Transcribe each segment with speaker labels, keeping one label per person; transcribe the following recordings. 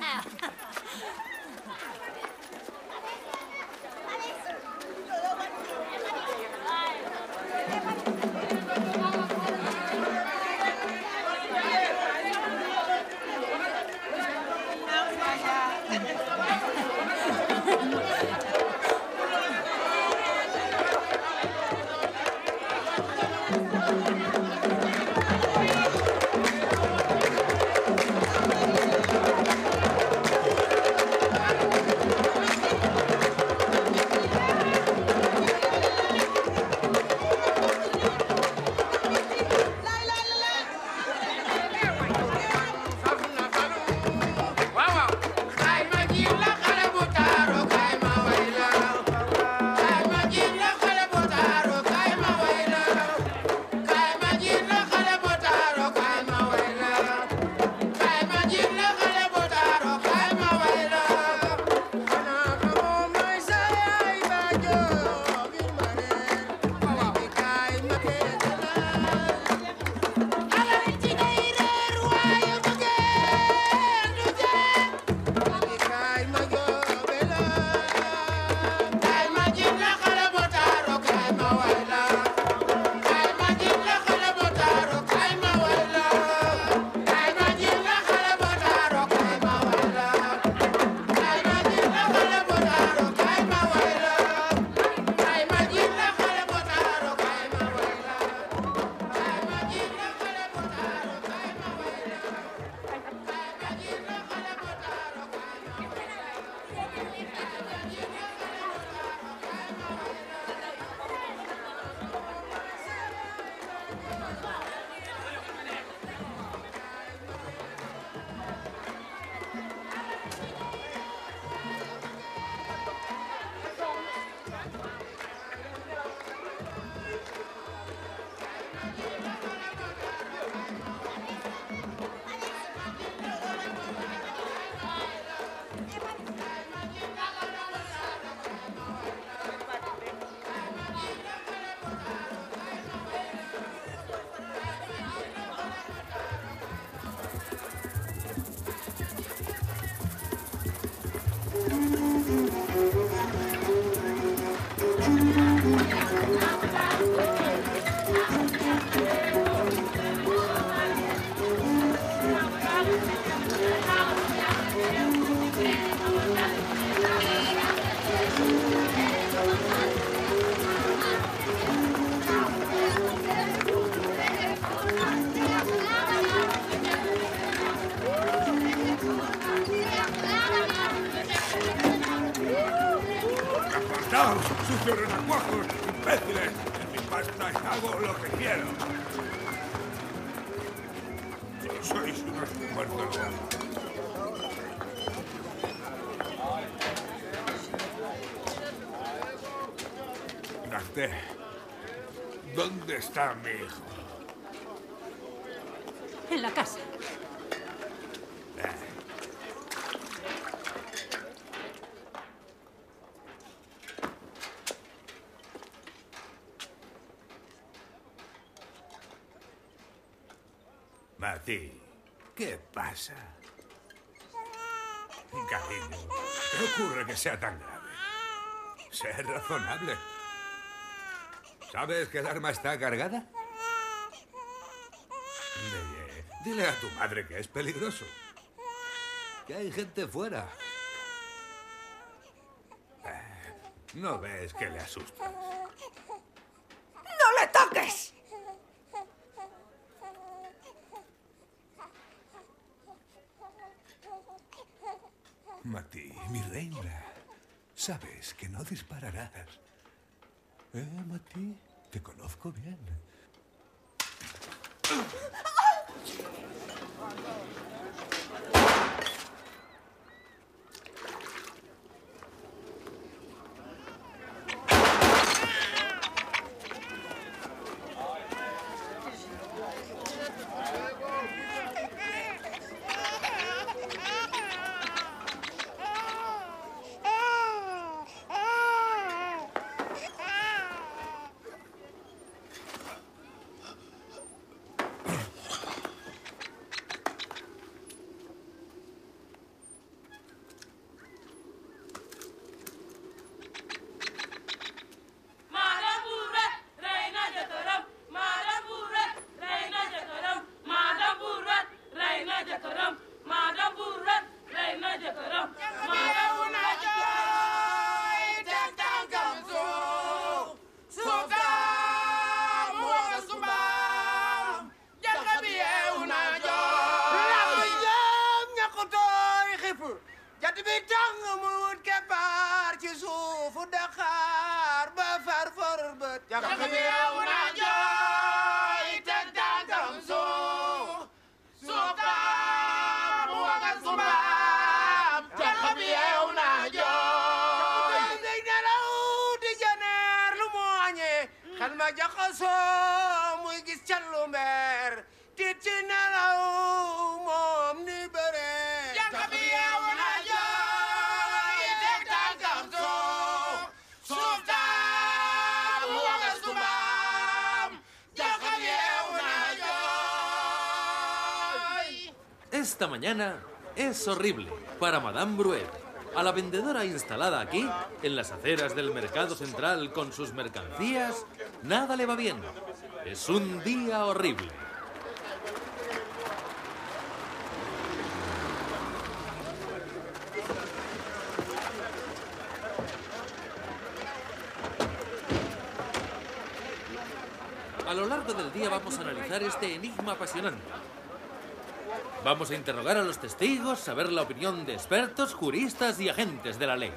Speaker 1: nào
Speaker 2: la casa.
Speaker 3: Mati, ¿qué pasa? ¿qué ocurre que sea tan grave? Sé razonable. ¿Sabes que el arma está cargada? Dile a tu madre que es peligroso. Que hay gente fuera. Eh, no ves que le asustas.
Speaker 4: ¡No le toques!
Speaker 3: Mati, mi reina, sabes que no dispararás. ¿Eh, Mati? Te conozco bien.
Speaker 5: Esta mañana es horrible para Madame Bruet. a la vendedora instalada aquí, en las aceras del mercado central con sus mercancías, Nada le va bien. Es un día horrible. A lo largo del día vamos a analizar este enigma apasionante. Vamos a interrogar a los testigos, saber la opinión de expertos, juristas y agentes de
Speaker 6: la ley.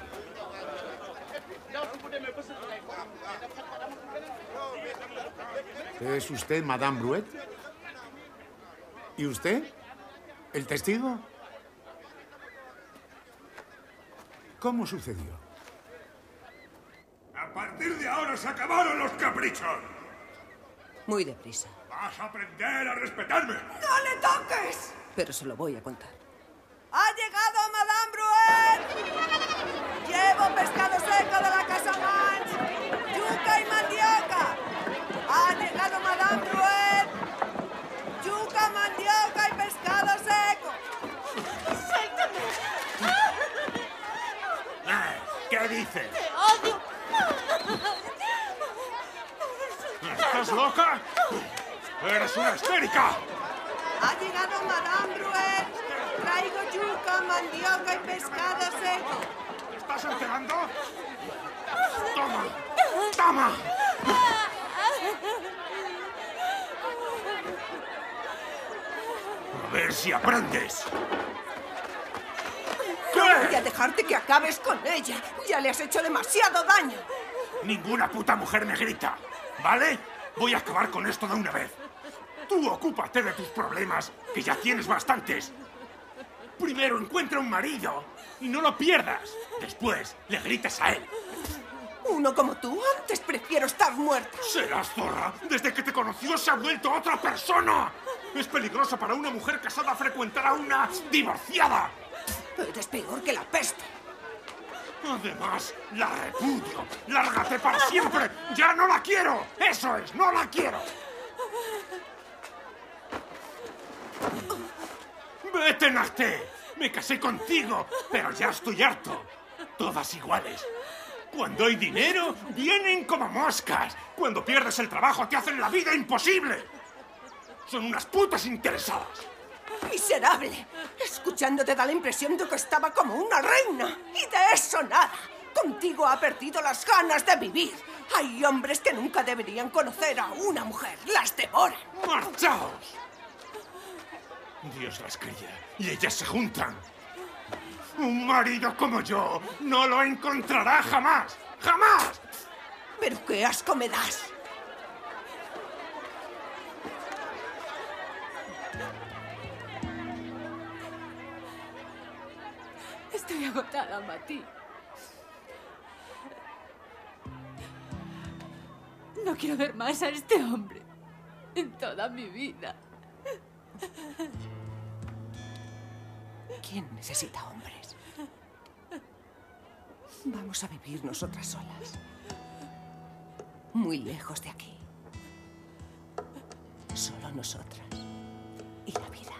Speaker 6: ¿Es usted Madame Bruet? ¿Y usted? ¿El testigo? ¿Cómo sucedió?
Speaker 3: A partir de ahora se acabaron los caprichos.
Speaker 4: Muy deprisa.
Speaker 3: Vas a aprender a respetarme. ¡No le toques!
Speaker 4: Pero se lo voy a contar. ¡Ha llegado Madame Bruet! ¡Llevo pescado seco de la casa más!
Speaker 1: odio!
Speaker 7: ¿Estás loca? ¡Eres una esférica!
Speaker 4: Ha llegado Madame Bruel. Traigo yuca, mandioca y pescado seco. estás enterando?
Speaker 1: ¡Toma! ¡Toma!
Speaker 6: A ver si aprendes
Speaker 4: voy a dejarte que acabes con ella. Ya le has hecho demasiado daño.
Speaker 6: Ninguna puta mujer me grita, ¿vale? Voy a acabar con esto de una vez. Tú ocúpate de tus problemas, que ya tienes bastantes. Primero encuentra un marido y no lo pierdas. Después le grites a él. Uno como tú, antes prefiero estar muerta.
Speaker 1: Serás zorra.
Speaker 3: Desde que te conoció se ha vuelto otra persona. Es peligroso para una mujer casada frecuentar a una divorciada. Es peor que la peste.
Speaker 6: Además, la repudio. Lárgate para siempre. Ya no la quiero. Eso es, no la quiero.
Speaker 3: Vete, Nasté. Me casé contigo, pero ya estoy harto. Todas iguales. Cuando hay dinero, vienen como moscas. Cuando pierdes el trabajo, te hacen la vida imposible. Son unas putas interesadas.
Speaker 4: Miserable. Escuchándote da la impresión de que estaba como una reina. Y de eso nada. Contigo ha perdido las ganas de vivir. Hay hombres que nunca deberían conocer a una mujer. Las devoran. ¡Marchaos!
Speaker 3: Dios las cría y ellas se juntan.
Speaker 6: Un marido como yo no lo encontrará jamás. ¡Jamás! ¿Pero qué asco me das?
Speaker 2: Estoy agotada, Mati. No quiero ver más a este hombre en toda mi vida.
Speaker 4: ¿Quién necesita hombres? Vamos a vivir nosotras solas. Muy lejos de aquí. Solo nosotras. Y la vida.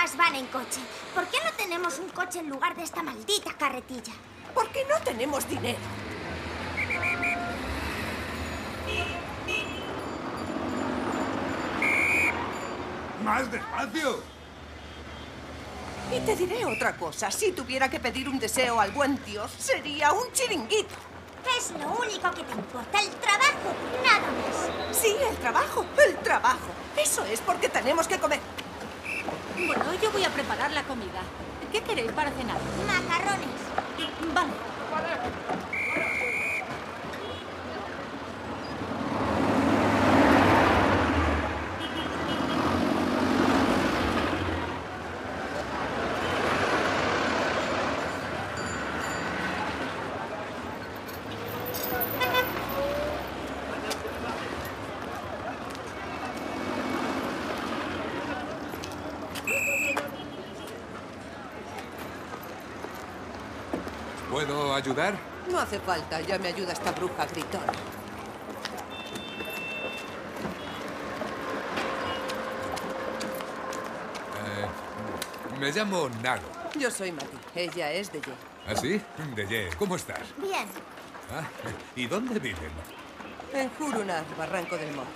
Speaker 8: Más van en coche. ¿Por qué no tenemos un coche en lugar de esta maldita carretilla? Porque no tenemos dinero.
Speaker 4: ¡Más despacio! Y te diré otra cosa. Si tuviera que pedir un deseo al buen Dios, sería un chiringuito. Es lo único que te importa, el trabajo, nada más. Sí, el trabajo, el trabajo. Eso es porque tenemos que comer comida. ¿Qué queréis para cenar? Macarrones. Vale.
Speaker 3: ¿Puedo ayudar?
Speaker 4: No hace falta, ya me ayuda esta bruja gritón.
Speaker 3: Eh, me llamo Nago.
Speaker 4: Yo soy Mati, ella es de Ye.
Speaker 3: ¿Ah, sí? De Ye. ¿cómo estás? Bien. Ah, ¿Y dónde viven?
Speaker 4: En Jurunar, Barranco del Mor.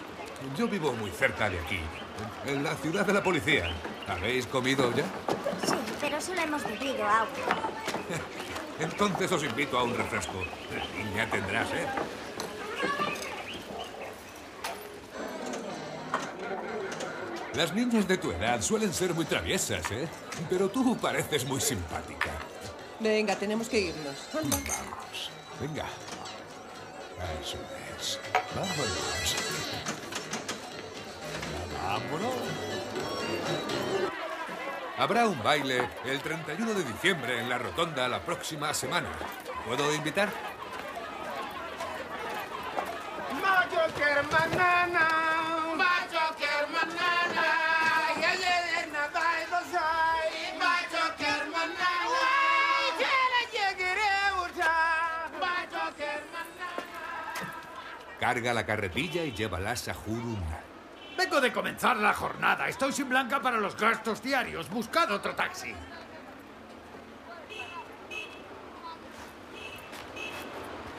Speaker 3: Yo vivo muy cerca de aquí, en la ciudad de la policía. ¿Habéis comido ya?
Speaker 8: Sí, pero solo hemos bebido agua.
Speaker 3: Entonces os invito a un refresco. Y ya tendrás, ¿eh? Las niñas de tu edad suelen ser muy traviesas, ¿eh? Pero tú pareces muy simpática.
Speaker 4: Venga, tenemos que irnos. Vamos.
Speaker 3: Venga. Eso es. Vámonos. Vámonos. Habrá un baile el 31 de diciembre en la Rotonda la próxima semana. ¿Puedo invitar? Carga la carretilla y llévalas a Juruna.
Speaker 7: Vengo de comenzar la jornada. Estoy sin blanca para los gastos diarios. Buscad otro taxi.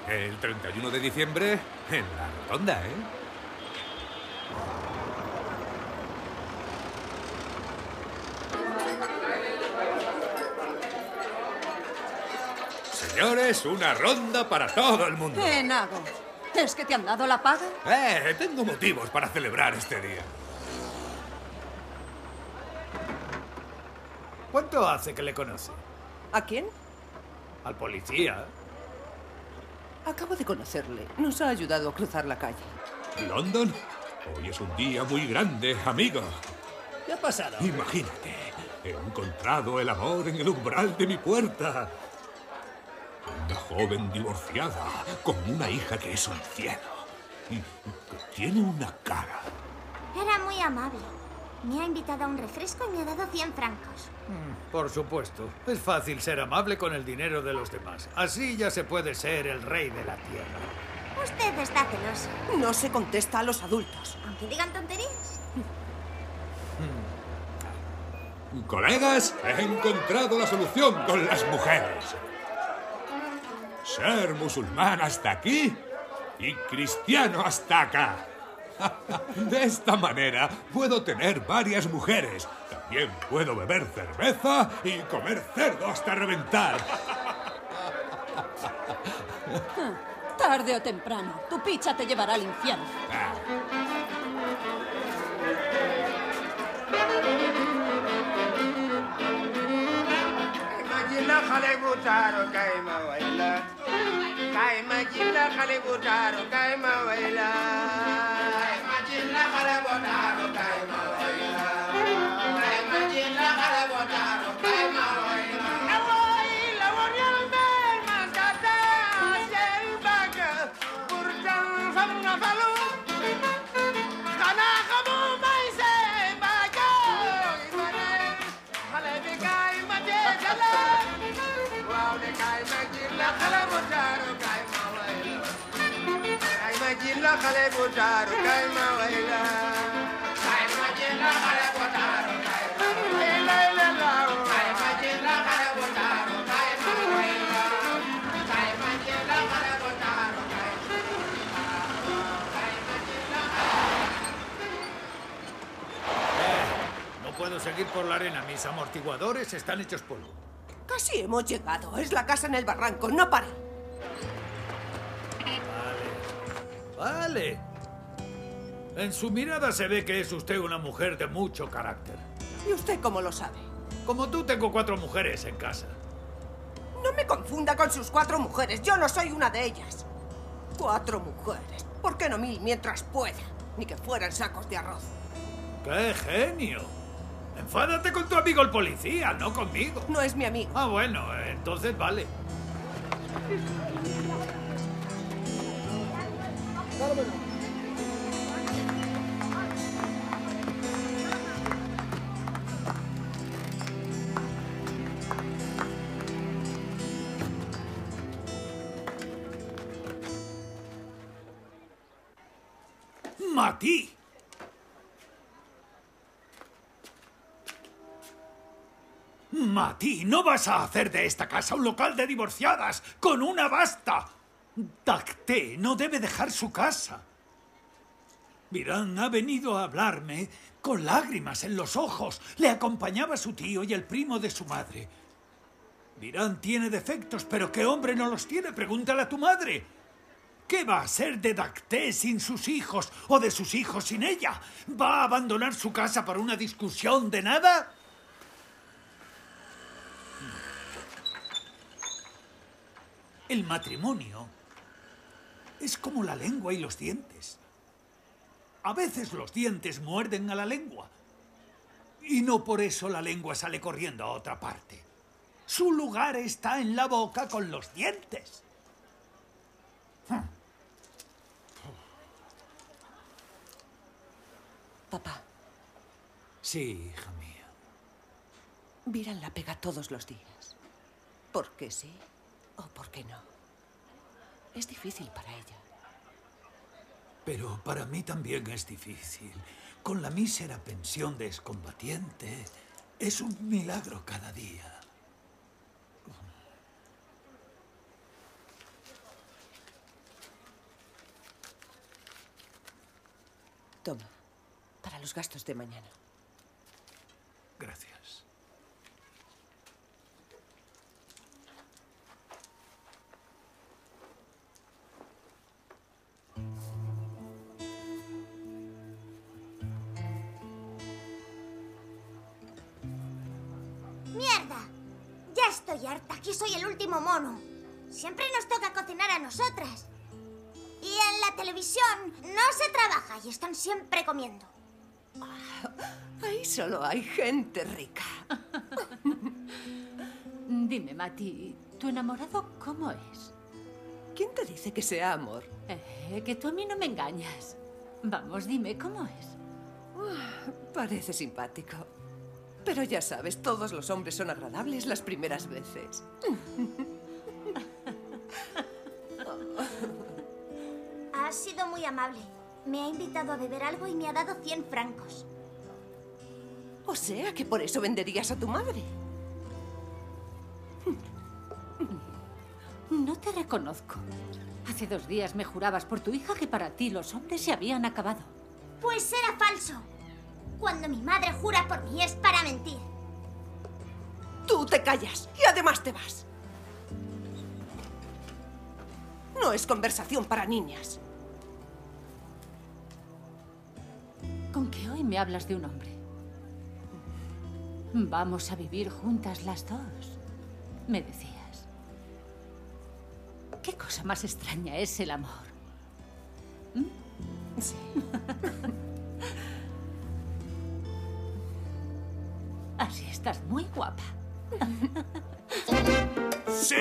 Speaker 3: El 31 de diciembre en la rotonda, ¿eh? Señores, una ronda para todo el mundo.
Speaker 9: ¿Es que te han dado la paga?
Speaker 3: Eh, tengo motivos para
Speaker 7: celebrar este día. ¿Cuánto hace que le conoce? ¿A quién? Al policía.
Speaker 4: Acabo de conocerle. Nos ha ayudado a cruzar la calle.
Speaker 7: ¿London?
Speaker 3: Hoy es un día muy grande, amigo.
Speaker 4: ¿Qué ha pasado? Imagínate,
Speaker 3: he encontrado el amor en el umbral de mi puerta. Una joven divorciada, con una hija que es un cielo. Que tiene una cara.
Speaker 8: Era muy amable. Me ha invitado a un refresco y me ha dado 100 francos.
Speaker 7: Mm, por supuesto. Es fácil ser amable con el dinero de los demás. Así ya se puede ser el rey de la tierra.
Speaker 4: Ustedes está No se contesta a los adultos. Aunque
Speaker 8: digan tonterías.
Speaker 7: Mm. Colegas,
Speaker 3: he encontrado la solución con las mujeres ser musulmán hasta aquí y cristiano hasta acá. De esta manera puedo tener varias mujeres. También puedo beber cerveza y comer cerdo hasta reventar.
Speaker 9: tarde o temprano, tu picha te llevará al infierno. Ah.
Speaker 10: kay ma jin la xale bu taaru kay ma way la kay ma jin la xale bu taaru kay ma way No
Speaker 7: Puedo seguir por la arena. Mis amortiguadores están hechos polvo.
Speaker 4: Casi hemos llegado. Es la casa en el barranco. No pare.
Speaker 7: Vale. En su mirada se ve que es usted una mujer de mucho carácter.
Speaker 4: ¿Y usted cómo lo sabe? Como
Speaker 7: tú tengo cuatro mujeres en casa.
Speaker 4: No me confunda con sus cuatro mujeres. Yo no soy una de ellas. Cuatro mujeres. ¿Por qué no mí mientras pueda? Ni que fueran sacos de arroz.
Speaker 7: ¡Qué genio! Enfádate con tu amigo el policía, no conmigo. No es mi amigo. Ah, bueno, entonces vale. Matí. Matí, no vas a hacer de esta casa un local de divorciadas con una basta. Dacté no debe dejar su casa. Virán ha venido a hablarme con lágrimas en los ojos. Le acompañaba su tío y el primo de su madre. Virán tiene defectos, pero ¿qué hombre no los tiene? Pregúntale a tu madre. ¿Qué va a hacer de Dacté sin sus hijos o de sus hijos sin ella? ¿Va a abandonar su casa por una discusión de nada? El matrimonio es como la lengua y los dientes. A veces los dientes muerden a la lengua. Y no por eso la lengua sale corriendo a otra parte. Su lugar está en la boca con los dientes. Hmm. Papá. Sí, hija mía.
Speaker 4: Viran la pega todos los días. ¿Por qué sí o por qué no? Es difícil para ella.
Speaker 7: Pero para mí también es difícil. Con la mísera pensión de excombatiente, es un milagro cada día.
Speaker 4: Toma, para los gastos de mañana.
Speaker 7: Gracias.
Speaker 8: siempre comiendo.
Speaker 4: Ah, ahí solo hay gente rica.
Speaker 2: Dime, Mati, ¿tu enamorado cómo es? ¿Quién
Speaker 4: te dice que sea amor? Eh, que tú a mí no me engañas. Vamos, dime, ¿cómo es? Ah, parece simpático. Pero ya sabes, todos los hombres son agradables las primeras veces.
Speaker 8: ha sido muy amable. Me ha invitado a beber algo y me ha dado 100 francos.
Speaker 4: O sea que por eso venderías a tu madre. No te reconozco.
Speaker 2: Hace dos días me jurabas por tu hija que para ti los hombres se habían acabado.
Speaker 8: Pues era falso. Cuando mi madre jura por mí es para mentir. Tú te callas y además te vas.
Speaker 4: No es conversación para niñas.
Speaker 2: hablas de un hombre? Vamos a vivir juntas las dos, me decías. ¿Qué cosa más extraña es el amor? ¿Mm? Sí. Así estás muy guapa.
Speaker 11: sí.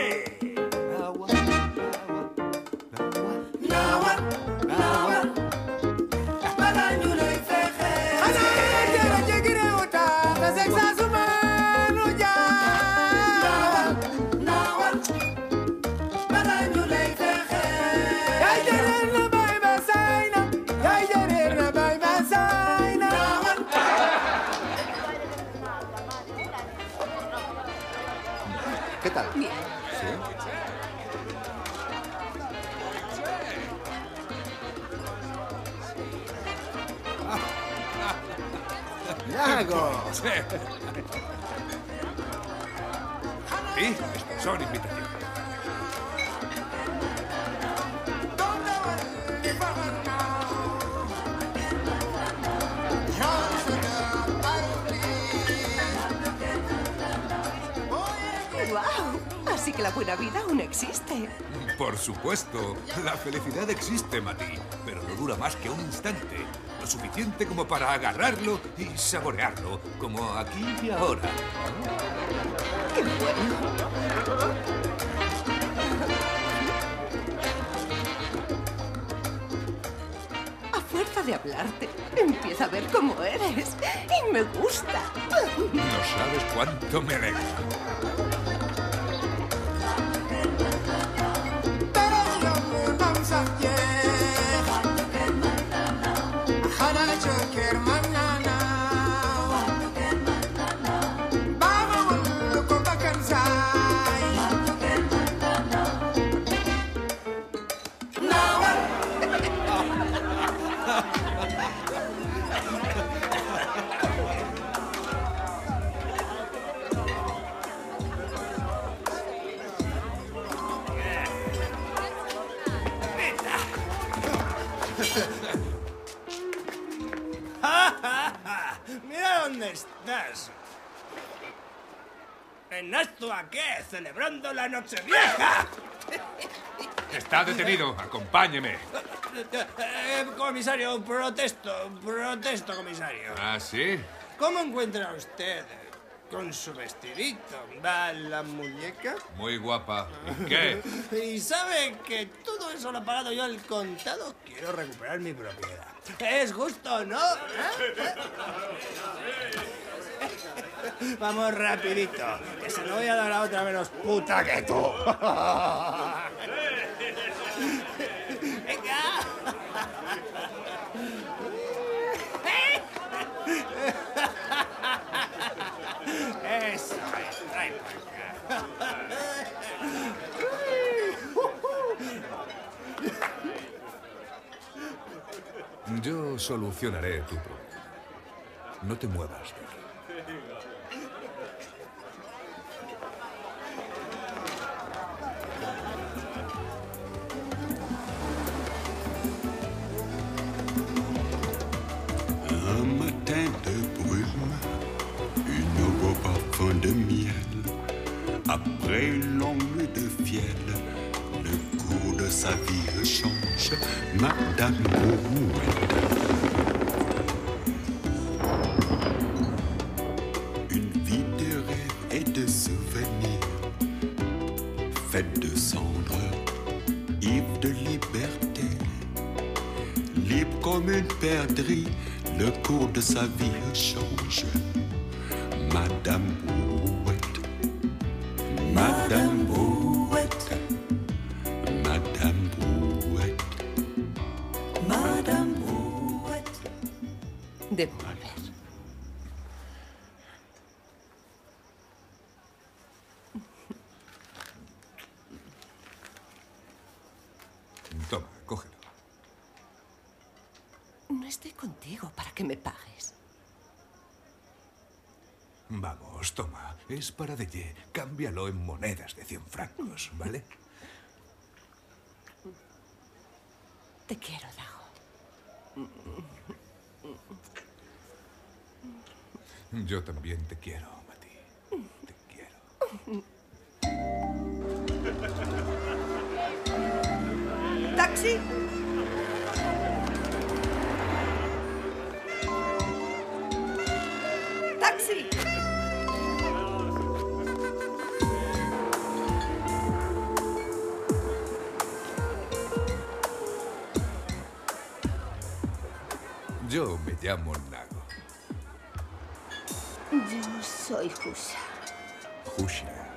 Speaker 3: ¡Sí, son invitaciones.
Speaker 4: ¡Wow! Así que la buena vida aún existe.
Speaker 3: Por supuesto, la felicidad existe, Mati, pero no dura más que un instante lo suficiente como para agarrarlo y saborearlo, como aquí y ahora. ¡Qué bueno!
Speaker 4: A fuerza de hablarte, empiezo a ver cómo eres y me gusta. No
Speaker 3: sabes cuánto me
Speaker 12: a aquí, celebrando la noche vieja. Está detenido,
Speaker 3: acompáñeme.
Speaker 12: Eh, comisario, protesto, protesto, comisario. ¿Ah, sí? ¿Cómo encuentra usted con su vestidito. ¿Va la muñeca?
Speaker 3: Muy guapa. ¿Y ah. qué?
Speaker 12: y sabe que todo eso lo ha pagado yo al contado. Quiero recuperar mi propiedad. Es justo, ¿no? ¿Eh? ¿Eh? Vamos rapidito, que se lo voy a dar a otra menos puta que tú.
Speaker 11: Venga.
Speaker 3: Yo solucionnerai tout. Ne te muevas,
Speaker 13: Un matin de brume, une aube au parfum de miel, après une longue lutte de fiel sa vie change, Madame Une vie de rêve et de souvenirs, faite de cendres, ivre de liberté, libre comme une perdrix, le cours de sa vie change.
Speaker 4: Devolver.
Speaker 3: Toma, cógelo.
Speaker 4: No estoy contigo para que me pagues.
Speaker 3: Vamos, toma. Es para Deye. Cámbialo en monedas de 100 francos, ¿vale? Te quiero, dar. Yo también te quiero, Mati.
Speaker 4: Te quiero. ¿Taxi? ¡Taxi!
Speaker 3: Yo me llamo
Speaker 14: Soy Husha.
Speaker 3: Husha.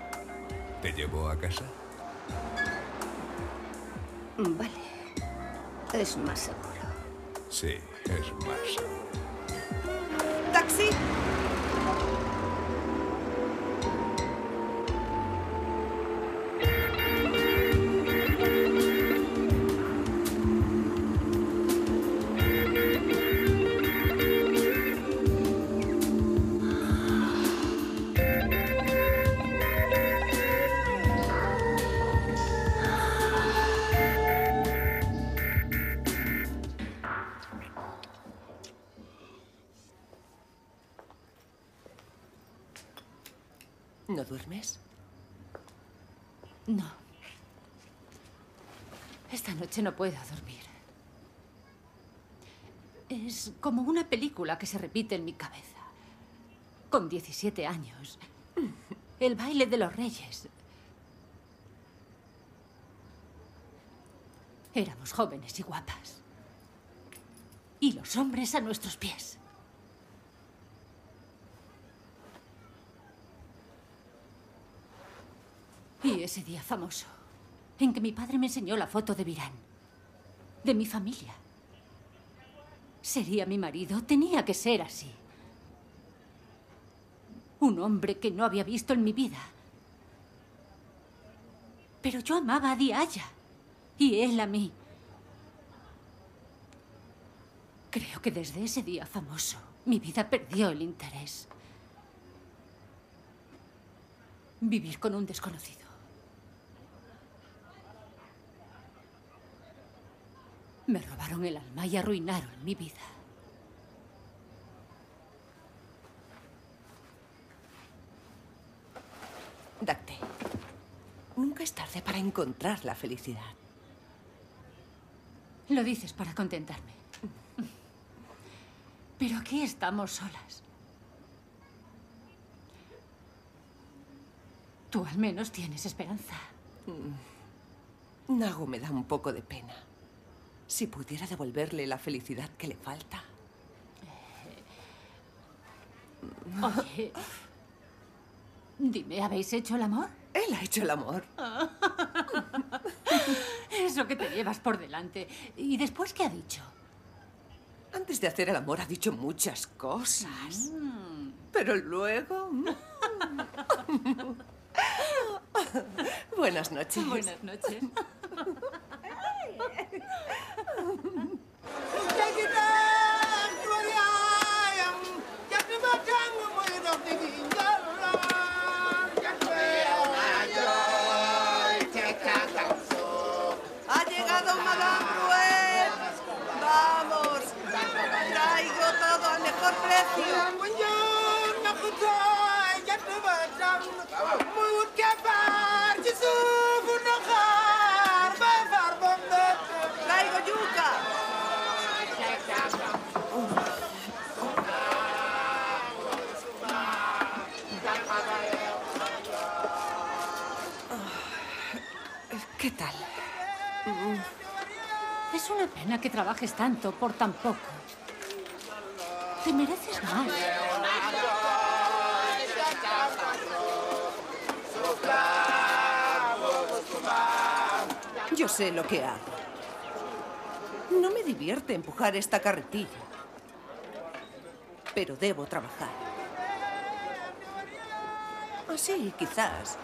Speaker 3: ¿Te llevó a casa?
Speaker 4: Vale. Es más seguro.
Speaker 3: Sí, es más seguro.
Speaker 2: dormir. Es como una película que se repite en mi cabeza. Con 17 años. El baile de los reyes. Éramos jóvenes y guapas. Y los hombres a nuestros pies. Y ese día famoso en que mi padre me enseñó la foto de Virán de mi familia. Sería mi marido, tenía que ser así. Un hombre que no había visto en mi vida. Pero yo amaba a Diaya y él a mí. Creo que desde ese día famoso mi vida perdió el interés. Vivir con un desconocido. Me robaron el alma y arruinaron mi vida.
Speaker 4: Dacte, nunca es tarde para encontrar la felicidad. Lo dices para contentarme.
Speaker 2: Pero aquí estamos solas.
Speaker 4: Tú al menos tienes esperanza. Nago me da un poco de pena. Si pudiera devolverle la felicidad que le falta. Eh, oye, dime, ¿habéis hecho el amor? Él ha hecho el amor.
Speaker 2: Eso que te llevas por delante. ¿Y después qué ha dicho?
Speaker 4: Antes de hacer el amor ha dicho muchas cosas. Mm. Pero luego... Mm. Buenas noches. Buenas noches. ¿Qué tal? Mm.
Speaker 2: Es una pena que trabajes tanto por tan poco.
Speaker 4: Te mereces más. Yo sé lo que hago. No me divierte empujar esta carretilla. Pero debo trabajar. Así quizás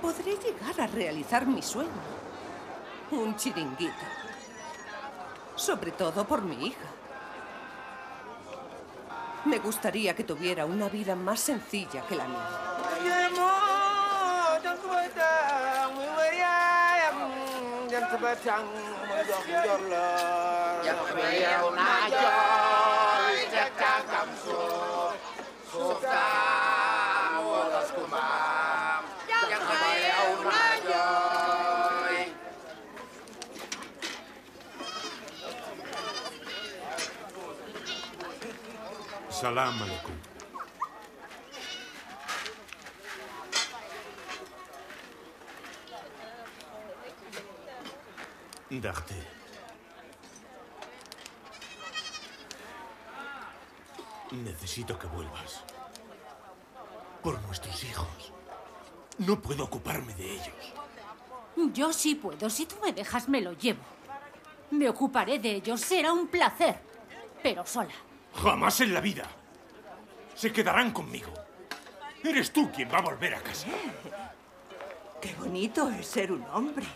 Speaker 4: podré llegar a realizar mi sueño. Un chiringuito. Sobre todo por mi hija. Me gustaría que tuviera una vida más sencilla que la mía.
Speaker 3: Salam alaikum. Darte. Necesito que vuelvas. Por nuestros hijos. No puedo ocuparme de ellos.
Speaker 2: Yo sí puedo. Si tú me dejas, me lo llevo. Me ocuparé de ellos. Será un placer. Pero sola.
Speaker 3: Jamás en la vida. Se quedarán conmigo. Eres tú quien va a volver
Speaker 15: a casa. Qué bonito es ser un hombre.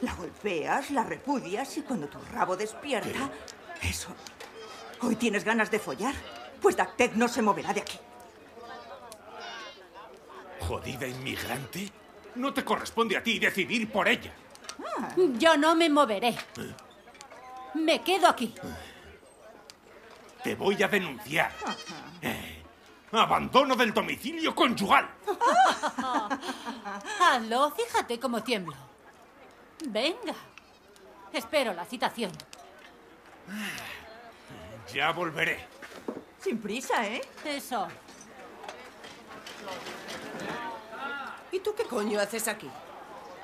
Speaker 15: La golpeas, la repudias y cuando tu rabo despierta... Eso. Hoy tienes ganas de follar. Pues Dactec no se moverá de aquí.
Speaker 3: ¿Jodida inmigrante? No te corresponde a ti decidir por ella.
Speaker 11: Ah.
Speaker 2: Yo no me moveré. ¿Eh? Me quedo aquí. ¿Eh?
Speaker 3: Te voy a denunciar. Eh, abandono del domicilio conyugal.
Speaker 2: Hazlo, fíjate cómo tiemblo. Venga. Espero la citación.
Speaker 3: Ya volveré.
Speaker 4: Sin prisa, ¿eh? Eso. ¿Y tú qué coño haces aquí?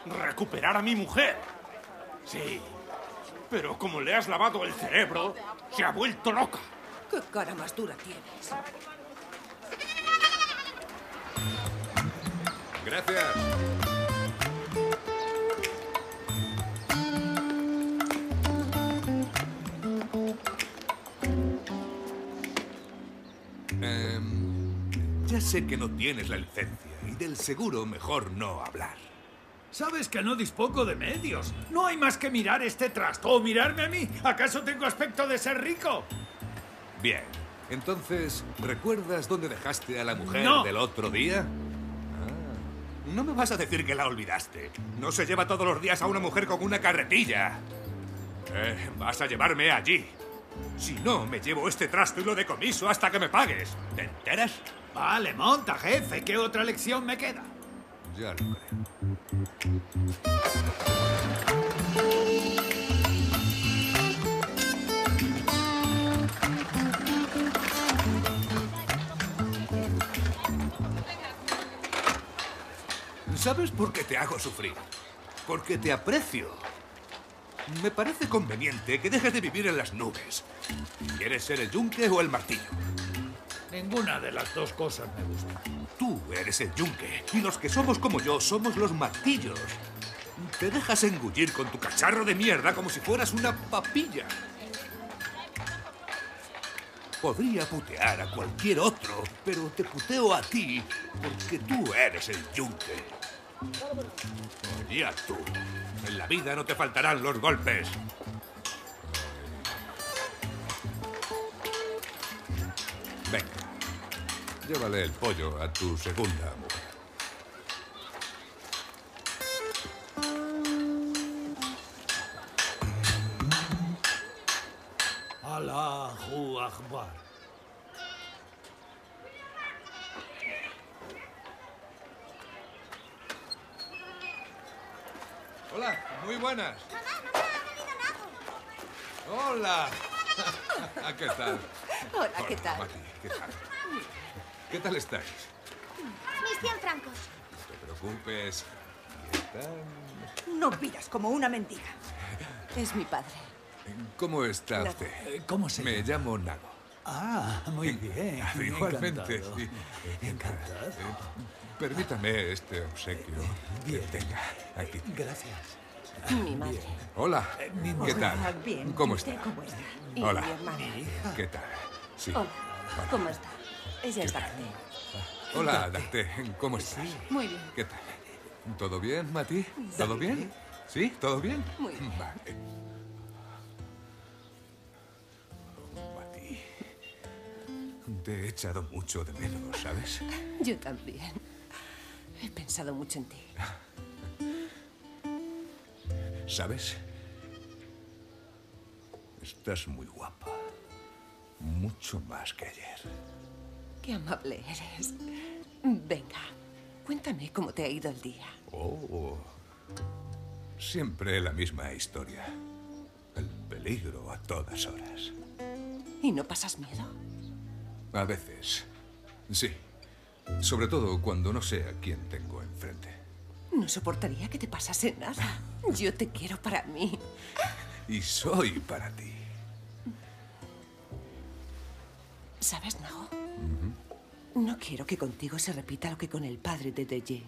Speaker 3: Recuperar a mi mujer.
Speaker 7: Sí. Pero como le has lavado el cerebro, se ha vuelto loca.
Speaker 4: ¿Qué cara más dura tienes?
Speaker 3: Gracias. Em, ya sé que no tienes la licencia
Speaker 7: y del seguro mejor no hablar. Sabes que no dispongo de medios. No hay más que mirar este trasto o mirarme a mí. ¿Acaso tengo aspecto de ser rico?
Speaker 3: Bien. Entonces, ¿recuerdas dónde dejaste a la mujer del otro día? Ah. no me vas a decir que la olvidaste. No se lleva todos los días a una mujer con una carretilla. Eh, vas a llevarme allí. Si no, me llevo
Speaker 7: este trasto y lo decomiso hasta que me pagues. ¿Te enteras? Vale, monta, jefe. ¿Qué otra lección me queda?
Speaker 3: Ya lo creo. ¿Sabes por qué te hago sufrir? Porque te aprecio. Me parece conveniente que dejes de vivir en las nubes. ¿Quieres ser el yunque o el martillo? Ninguna de las dos cosas me gusta. Tú eres el yunque y los que somos como yo somos los martillos. Te dejas engullir con tu cacharro de mierda como si fueras una papilla. Podría putear a cualquier otro, pero te puteo a ti porque tú eres el yunque a tú. En la vida no te faltarán los golpes. Venga. Llévale el pollo a tu segunda mujer.
Speaker 7: Allahu
Speaker 3: Hola, muy buenas. Mamá, mamá, ha venido nada. Hola. Ah, ¿Qué tal?
Speaker 8: Hola, ¿qué tal?
Speaker 3: ¿qué tal? ¿Qué tal estáis?
Speaker 8: Mis
Speaker 15: 100 francos.
Speaker 3: No te preocupes.
Speaker 15: No miras como una mentira. Es mi padre.
Speaker 3: ¿Cómo está usted? ¿Cómo se llama? Me llamo Nago. Ah,
Speaker 7: muy bien. Igualmente.
Speaker 3: Encantado. Eh, permítame este obsequio. que Tenga, aquí.
Speaker 11: Gracias. Mi madre.
Speaker 3: Hola. Eh, ¿Qué tal? Bien. ¿Cómo está?
Speaker 4: ¿Cómo está? Hola. Mi hermana. ¿Qué
Speaker 3: tal? Sí. Hola.
Speaker 4: ¿Cómo está? Ella está bien. Hola,
Speaker 3: Dante. ¿Cómo estás? Muy bien. ¿Qué tal? ¿Todo bien, Mati? ¿Todo bien? ¿Sí? ¿Todo bien?
Speaker 4: Muy bien. Vale.
Speaker 3: Te he echado mucho de menos, ¿sabes?
Speaker 4: Yo también. He pensado mucho en ti.
Speaker 3: ¿Sabes? Estás muy guapa. Mucho más que ayer.
Speaker 4: Qué amable eres. Venga, cuéntame cómo te ha ido el día.
Speaker 3: Oh, siempre la misma historia. El peligro a todas horas.
Speaker 4: ¿Y no pasas miedo?
Speaker 3: A veces. Sí. Sobre todo cuando no sé a quién tengo enfrente.
Speaker 4: No soportaría que te pasase nada. Yo te quiero para mí.
Speaker 3: Y soy para ti.
Speaker 4: ¿Sabes, no? No quiero que contigo se repita lo que con el padre de Deye.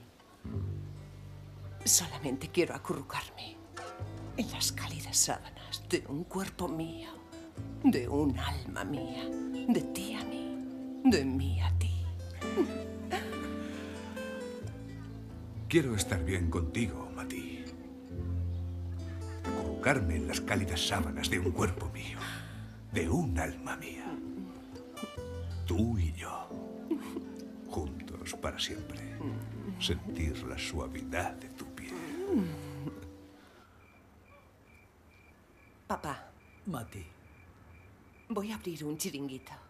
Speaker 4: Solamente quiero acurrucarme en las cálidas sábanas de un cuerpo mío, de un alma mía, de ti a mí de mí a ti.
Speaker 3: Quiero estar bien contigo, Mati. Colocarme en las cálidas sábanas de un cuerpo mío, de un alma mía. Tú y yo, juntos para siempre. Sentir la suavidad de tu
Speaker 4: piel. Papá. Mati. Voy a abrir un
Speaker 7: chiringuito.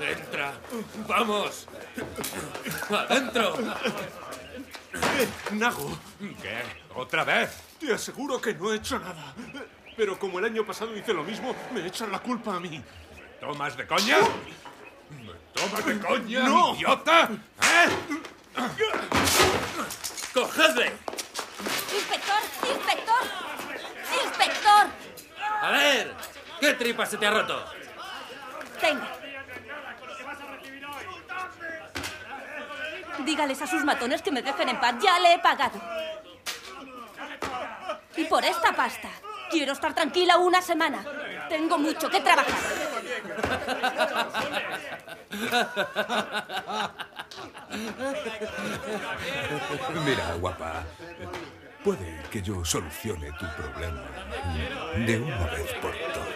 Speaker 5: Entra. Vamos. Adentro.
Speaker 3: Nago. ¿Qué? ¿Otra vez? Te aseguro que no he hecho nada. Pero como el año pasado hice lo mismo, me echan la culpa a mí. ¿Me tomas de coña? ¿Me tomas de coña, no. idiota? ¿Eh?
Speaker 5: ¡Cogedle!
Speaker 9: ¡Inspector! ¡Inspector! ¡Inspector!
Speaker 5: A ver, ¿qué tripa se te ha roto?
Speaker 9: Venga. Dígales a sus matones que me dejen en paz. Ya le he pagado. Y por esta pasta. Quiero estar tranquila una semana. Tengo mucho que trabajar.
Speaker 3: Mira, guapa. Puede que yo solucione tu problema
Speaker 11: de una vez por todas.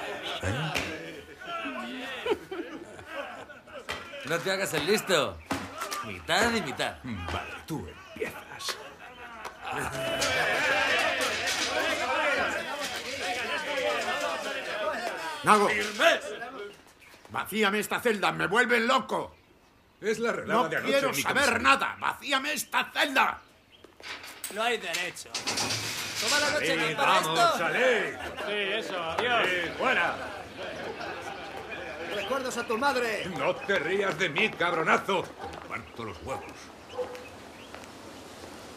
Speaker 11: ¿eh?
Speaker 5: No te hagas el listo. Mitad y mitad. Vale,
Speaker 6: tú empiezas. Nago. Vacíame esta celda, me vuelven loco. Es la no de anoche, quiero saber nada. Vacíame esta celda. No hay derecho. Toma la noche aquí vamos,
Speaker 7: Salí. Sí, eso, adiós. ¡Buena!
Speaker 12: Recuerdos a tu madre. No te rías de mí,
Speaker 3: cabronazo. Todos los huevos.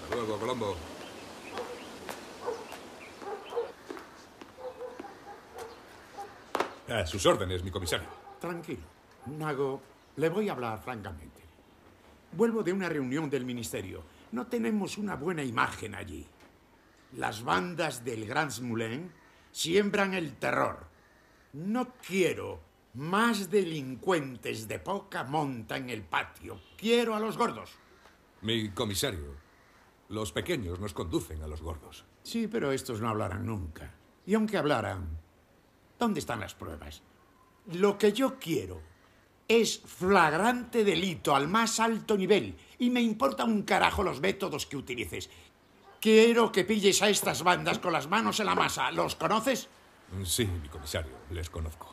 Speaker 3: Hasta luego, Colombo. A sus órdenes, mi comisario.
Speaker 6: Tranquilo. Nago, le voy a hablar francamente. Vuelvo de una reunión del ministerio. No tenemos una buena imagen allí. Las bandas del Grand Moulin siembran el terror. No quiero más delincuentes de poca monta en el patio Quiero a los gordos. Mi comisario, los pequeños nos conducen a los gordos. Sí, pero estos no hablarán nunca. Y aunque hablaran, ¿dónde están las pruebas? Lo que yo quiero es flagrante delito al más alto nivel y me importa un carajo los métodos que utilices. Quiero que pilles a estas bandas con las manos en la masa. ¿Los conoces?
Speaker 3: Sí, mi comisario, les conozco.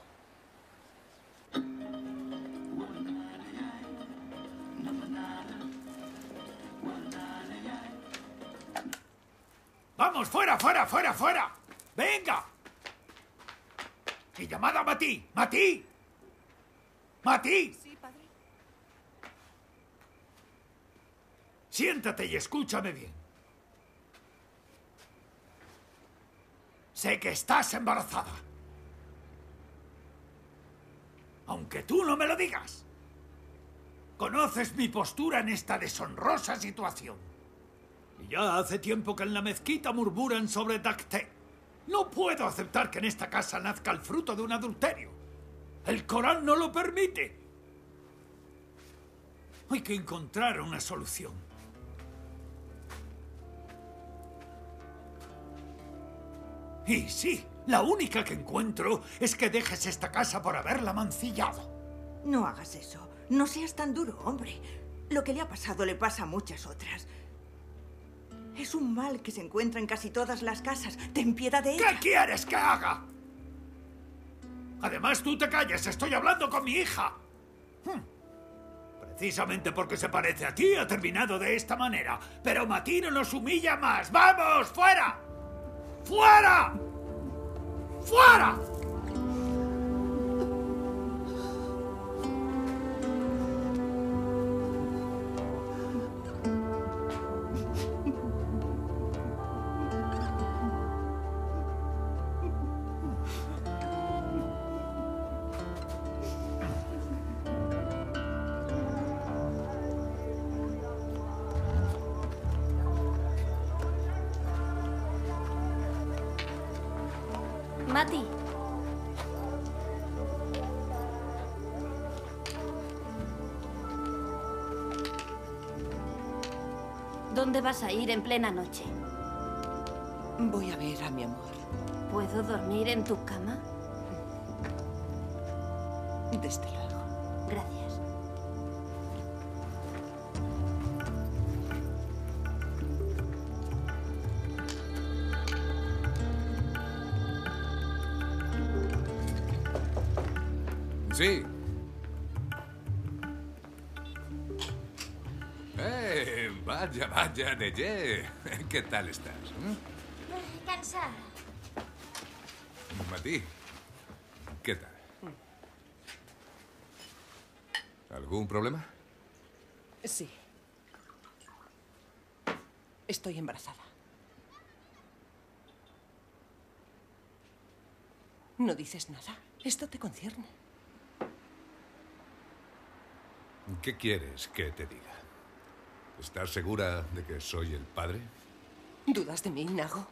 Speaker 7: ¡Vamos, fuera, fuera, fuera, fuera! ¡Venga! ¡Y llamada a Matí! ¡Matí! ¡Matí! Sí, padre. Siéntate y escúchame bien. Sé que estás embarazada. Aunque tú no me lo digas. Conoces mi postura en esta deshonrosa situación ya hace tiempo que en la mezquita murmuran sobre Dacté. No puedo aceptar que en esta casa nazca el fruto de un adulterio. El Corán no lo permite. Hay que encontrar una solución. Y sí, la única que encuentro es que dejes esta casa por haberla mancillado.
Speaker 15: No hagas eso. No seas tan duro, hombre. Lo que le ha pasado le pasa a muchas otras. Es un mal que se encuentra en casi todas las casas. Ten piedad de ella. ¿Qué quieres que haga?
Speaker 7: Además, tú te calles. Estoy hablando con mi hija. Hmm. Precisamente porque se parece a ti ha terminado de esta manera. Pero Matino nos humilla más. ¡Vamos! ¡Fuera! ¡Fuera! ¡Fuera!
Speaker 14: a ir en plena noche. Voy a ver a mi amor. ¿Puedo dormir en tu cama? Desde luego.
Speaker 3: ¿eh? ¿qué tal estás?
Speaker 8: Eh? Cansada.
Speaker 3: Mati, ¿qué tal? ¿Algún problema?
Speaker 4: Sí. Estoy embarazada. No dices nada. Esto te concierne.
Speaker 3: ¿Qué quieres que te diga? ¿Estás segura de que soy el padre?
Speaker 4: ¿Dudas de mí, Inago?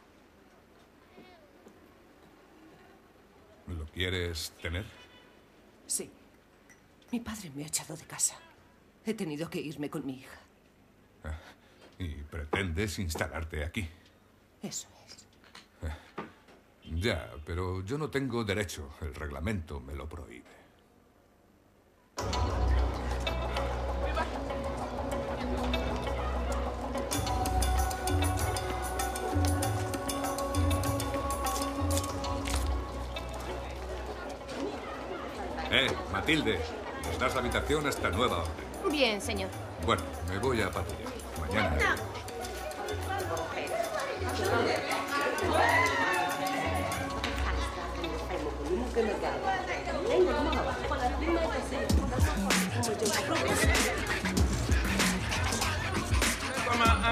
Speaker 3: ¿Lo quieres tener?
Speaker 4: Sí. Mi padre me ha echado de casa. He tenido que irme con mi hija.
Speaker 3: Ah, ¿Y pretendes instalarte aquí?
Speaker 4: Eso es.
Speaker 3: Ah, ya, pero yo no tengo derecho. El reglamento me lo prohíbe. Matilde, nos das la habitación hasta nueva hora. Bien, señor. Bueno, me voy a patrullar. Mañana.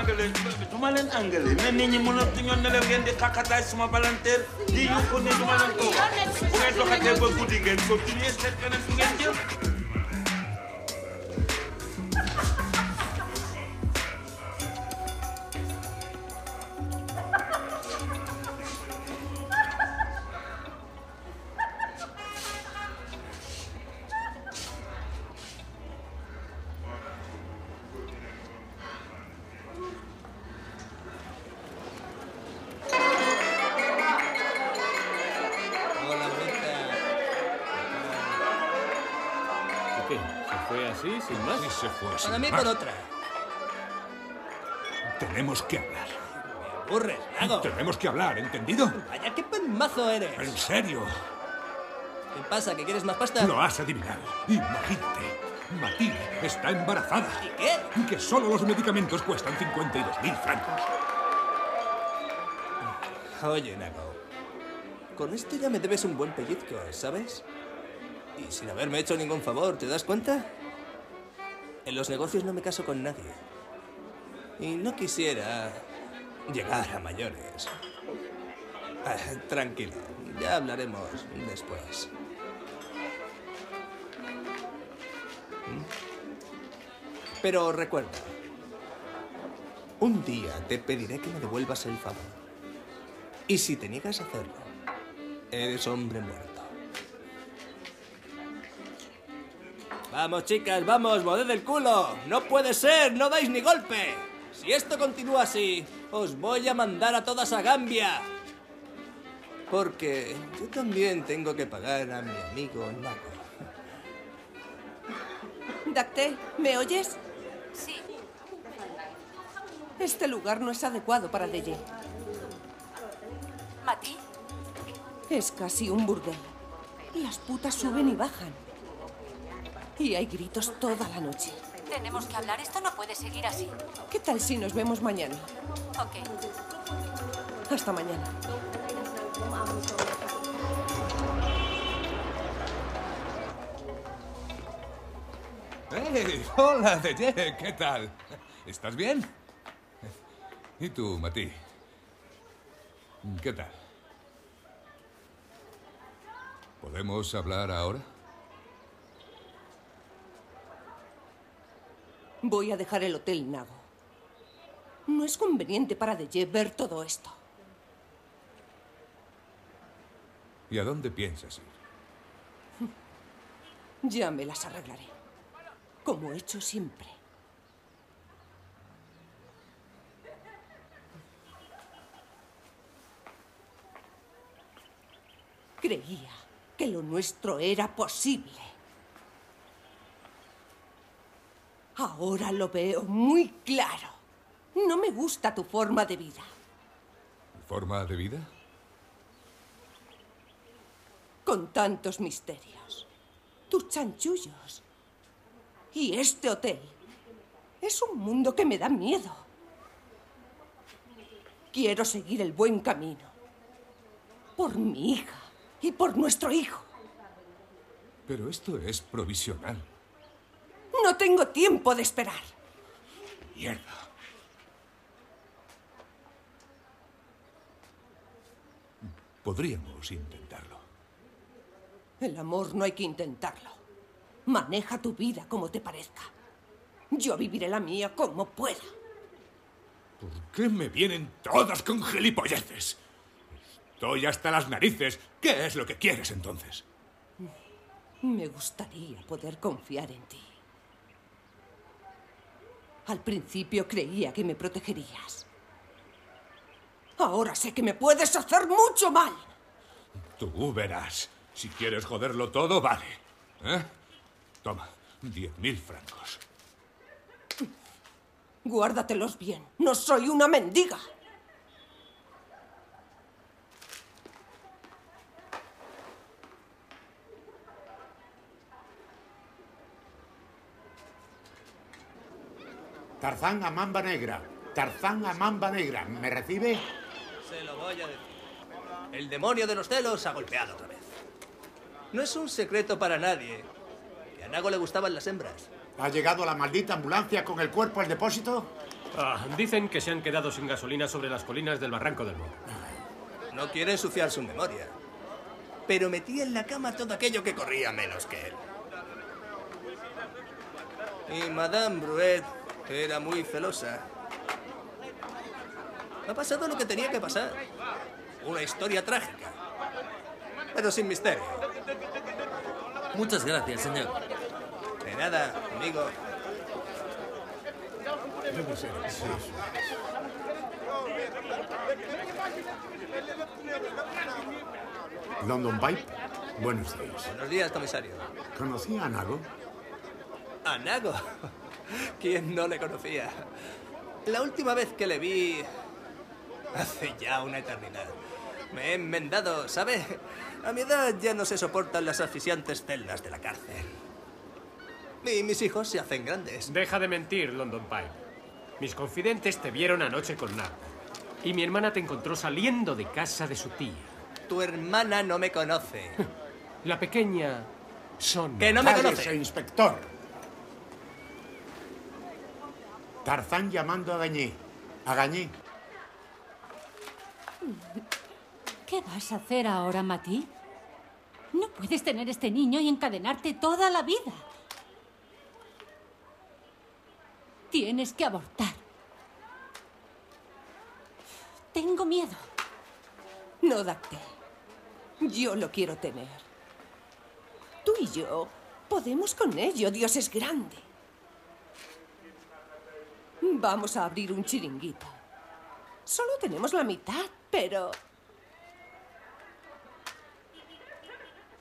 Speaker 13: anglais du ma leen anglais mais nit ñi mën a ñoon ne leen ngeen di xaqataay suma balanteer di yuxu ne ko bu ngeen doxatee ba guddi ngeen continuer seet feneen fu ngeen jëm
Speaker 3: otra. Tenemos que hablar. Me aburres, Nago. Tenemos que hablar, ¿entendido? Vaya, qué penmazo eres. En serio. ¿Qué pasa? ¿Que quieres más pasta? Lo has adivinado. Imagínate. Matilde está embarazada. ¿Y qué? Y Que solo los medicamentos cuestan
Speaker 12: 52.000 francos. Oye, Nago. Con esto ya me debes un buen pellizco, ¿sabes? Y sin haberme hecho ningún favor, ¿te das cuenta? En los negocios no me caso con nadie. Y no quisiera llegar a mayores. Ah, tranquilo, ya hablaremos después. ¿Mm? Pero recuerda, un día te pediré que me devuelvas el favor. Y si te niegas a hacerlo, eres hombre muerto. Vamos, chicas, vamos, moved el culo. No puede ser, no dais ni golpe. Si esto continúa así, os voy a mandar a todas a Gambia. Porque yo también tengo que pagar a mi amigo Naco.
Speaker 4: Dacte, ¿me oyes? Sí. Este lugar no es adecuado para Deye. ¿Mati? Es casi un burdel. Las putas suben y bajan. Y hay gritos toda la noche.
Speaker 2: Tenemos que hablar, esto no puede seguir así.
Speaker 4: ¿Qué tal si nos vemos mañana?
Speaker 14: Ok.
Speaker 4: Hasta mañana.
Speaker 3: ¡Hey! ¡Hola, DJ! ¿Qué tal? ¿Estás bien? ¿Y tú, Mati? ¿Qué tal? ¿Podemos hablar ahora?
Speaker 4: Voy a dejar el Hotel Nago. No es conveniente para de ver todo esto.
Speaker 3: ¿Y a dónde piensas
Speaker 4: ir? Ya me las arreglaré. Como he hecho siempre. Creía que lo nuestro era posible. Ahora lo veo muy claro. No me gusta tu forma de vida.
Speaker 3: forma de vida?
Speaker 4: Con tantos misterios. Tus chanchullos. Y este hotel. Es un mundo que me da miedo. Quiero seguir el buen camino. Por mi hija y por nuestro hijo.
Speaker 3: Pero esto es provisional.
Speaker 4: No tengo tiempo de esperar.
Speaker 3: Mierda. Podríamos intentarlo.
Speaker 4: El amor no hay que intentarlo. Maneja tu vida como te parezca. Yo viviré la mía como pueda. ¿Por qué me vienen
Speaker 3: todas con gilipolleces? Estoy hasta las narices. ¿Qué es lo que quieres entonces?
Speaker 4: Me gustaría poder confiar en ti. Al principio creía que me protegerías. Ahora sé que me puedes hacer mucho mal.
Speaker 3: Tú verás. Si quieres joderlo todo, vale. ¿Eh? Toma, diez mil francos.
Speaker 4: Guárdatelos bien. No soy una mendiga.
Speaker 6: Tarzán a Mamba Negra. Tarzán a Mamba Negra. ¿Me recibe?
Speaker 12: Se lo voy a decir. El demonio de los celos ha golpeado otra vez. No es un secreto para nadie que a
Speaker 6: Nago le gustaban las hembras. ¿Ha llegado la maldita ambulancia con el cuerpo al depósito?
Speaker 7: Ah, dicen que se han quedado sin gasolina sobre las colinas del Barranco del Moro.
Speaker 12: No quiere ensuciar su memoria. Pero metí en la cama todo aquello que corría menos que él. Y Madame Bruet era muy celosa. Ha pasado lo que tenía que pasar. Una historia trágica. Pero sin misterio. Muchas gracias, señor. De nada, amigo.
Speaker 6: London Pipe, buenos días. Buenos días, comisario. ¿Conocía a Nago?
Speaker 12: ¿A Nago? ¿Quién no le conocía? La última vez que le vi... Hace ya una eternidad. Me he enmendado, ¿sabe? A mi edad ya no se soportan las asfixiantes celdas de la cárcel. Y mis hijos se hacen grandes. Deja de mentir, London Pipe. Mis confidentes te vieron anoche con Narco. Y mi hermana te encontró saliendo de casa de su tía. Tu hermana no
Speaker 6: me conoce. La pequeña Son... Que no me conoce. inspector. Tarzán llamando a Gañé. A Gañé.
Speaker 2: ¿Qué vas a hacer ahora, Mati? No puedes tener este niño y encadenarte toda la vida. Tienes que abortar.
Speaker 4: Tengo miedo. No, Dacte. Yo lo quiero tener. Tú y yo podemos con ello. Dios es grande. Vamos a abrir un chiringuito. Solo tenemos la mitad, pero...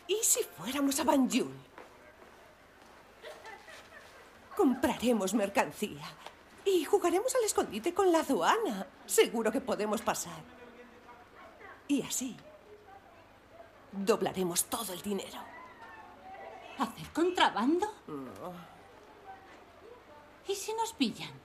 Speaker 4: ¿Y si fuéramos a Banjul? Compraremos mercancía y jugaremos al escondite con la aduana. Seguro que podemos pasar. Y así doblaremos todo el dinero. ¿Hacer contrabando? ¿Y si nos pillan?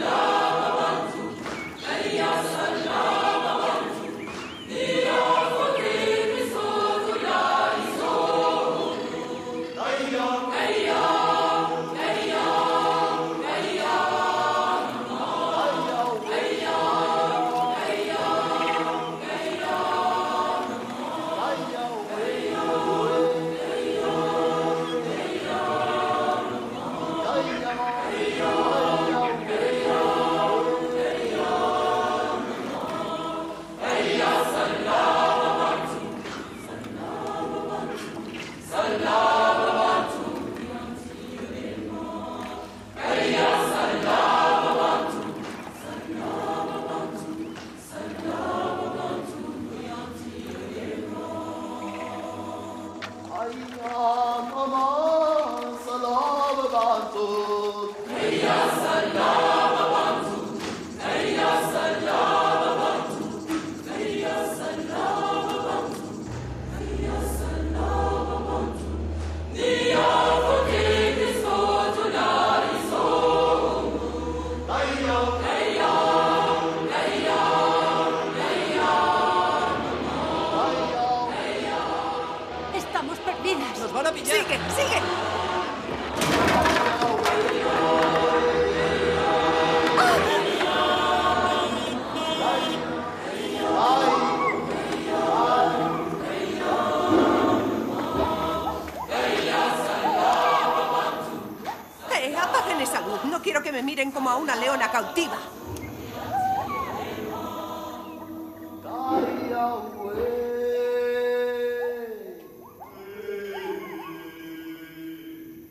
Speaker 4: a una leona cautiva.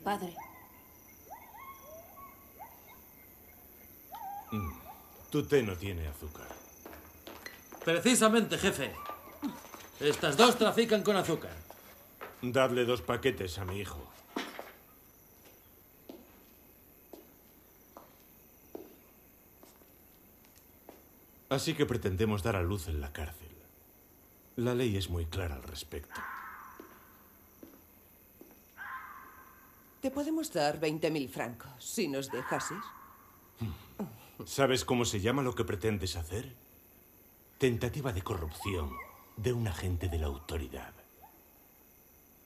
Speaker 6: Padre.
Speaker 3: Mm. Tu té no tiene azúcar.
Speaker 5: Precisamente, jefe. Estas dos trafican con azúcar.
Speaker 3: Dadle dos paquetes a mi hijo. Así que pretendemos dar a luz en la cárcel. La ley es muy clara al respecto.
Speaker 4: Te podemos dar 20.000 francos si nos dejas ir.
Speaker 3: ¿Sabes cómo se llama lo que pretendes hacer? Tentativa de corrupción de un agente de la autoridad.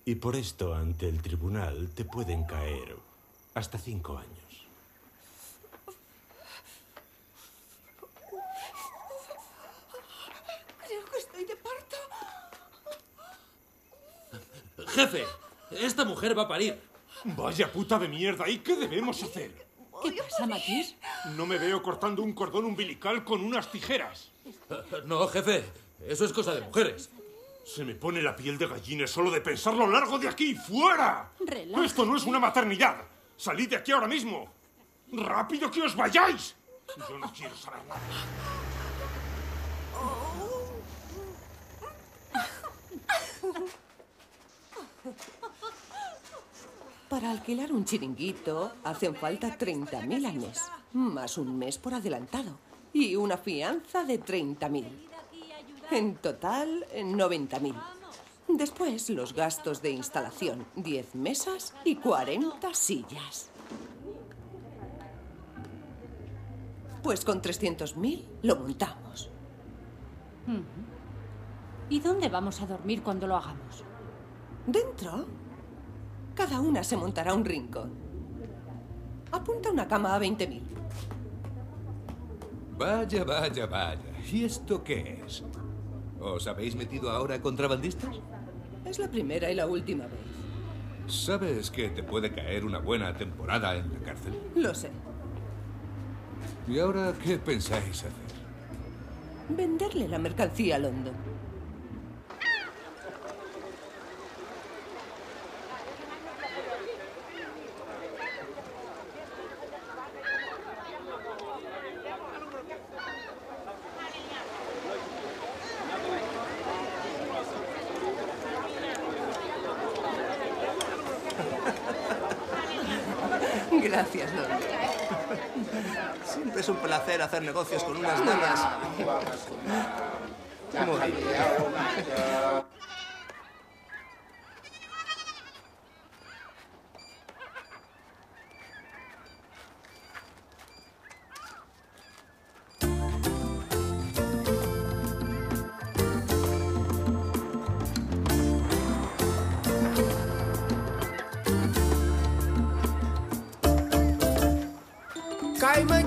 Speaker 3: Y por esto ante el tribunal te pueden caer hasta cinco años.
Speaker 5: Jefe, esta mujer va a parir. Vaya
Speaker 3: puta de mierda, ¿y qué debemos hacer? ¿Qué pasa, Matías? No me veo cortando un cordón umbilical con unas tijeras. No, jefe, eso es cosa de mujeres. Se me pone la piel de gallina solo de pensarlo largo de aquí, fuera. Esto no es una maternidad. Salid de aquí ahora mismo. Rápido que os vayáis.
Speaker 7: Yo no quiero
Speaker 11: saber nada. Oh.
Speaker 4: Para alquilar un chiringuito hacen falta 30.000 al mes, más un mes por adelantado y una fianza de 30.000. En total, 90.000. Después, los gastos de instalación, 10 mesas y 40 sillas. Pues con 300.000 lo montamos. ¿Y dónde vamos a dormir cuando lo hagamos? ¿Dentro? Cada una se montará un rincón. Apunta una cama a 20.000.
Speaker 3: Vaya, vaya, vaya. ¿Y esto qué es? ¿Os habéis metido ahora contrabandistas?
Speaker 4: Es la primera y la última vez.
Speaker 3: ¿Sabes que te puede caer una buena temporada en la cárcel? Lo sé. ¿Y ahora qué pensáis hacer?
Speaker 4: Venderle la mercancía a London.
Speaker 12: negocios con unas damas.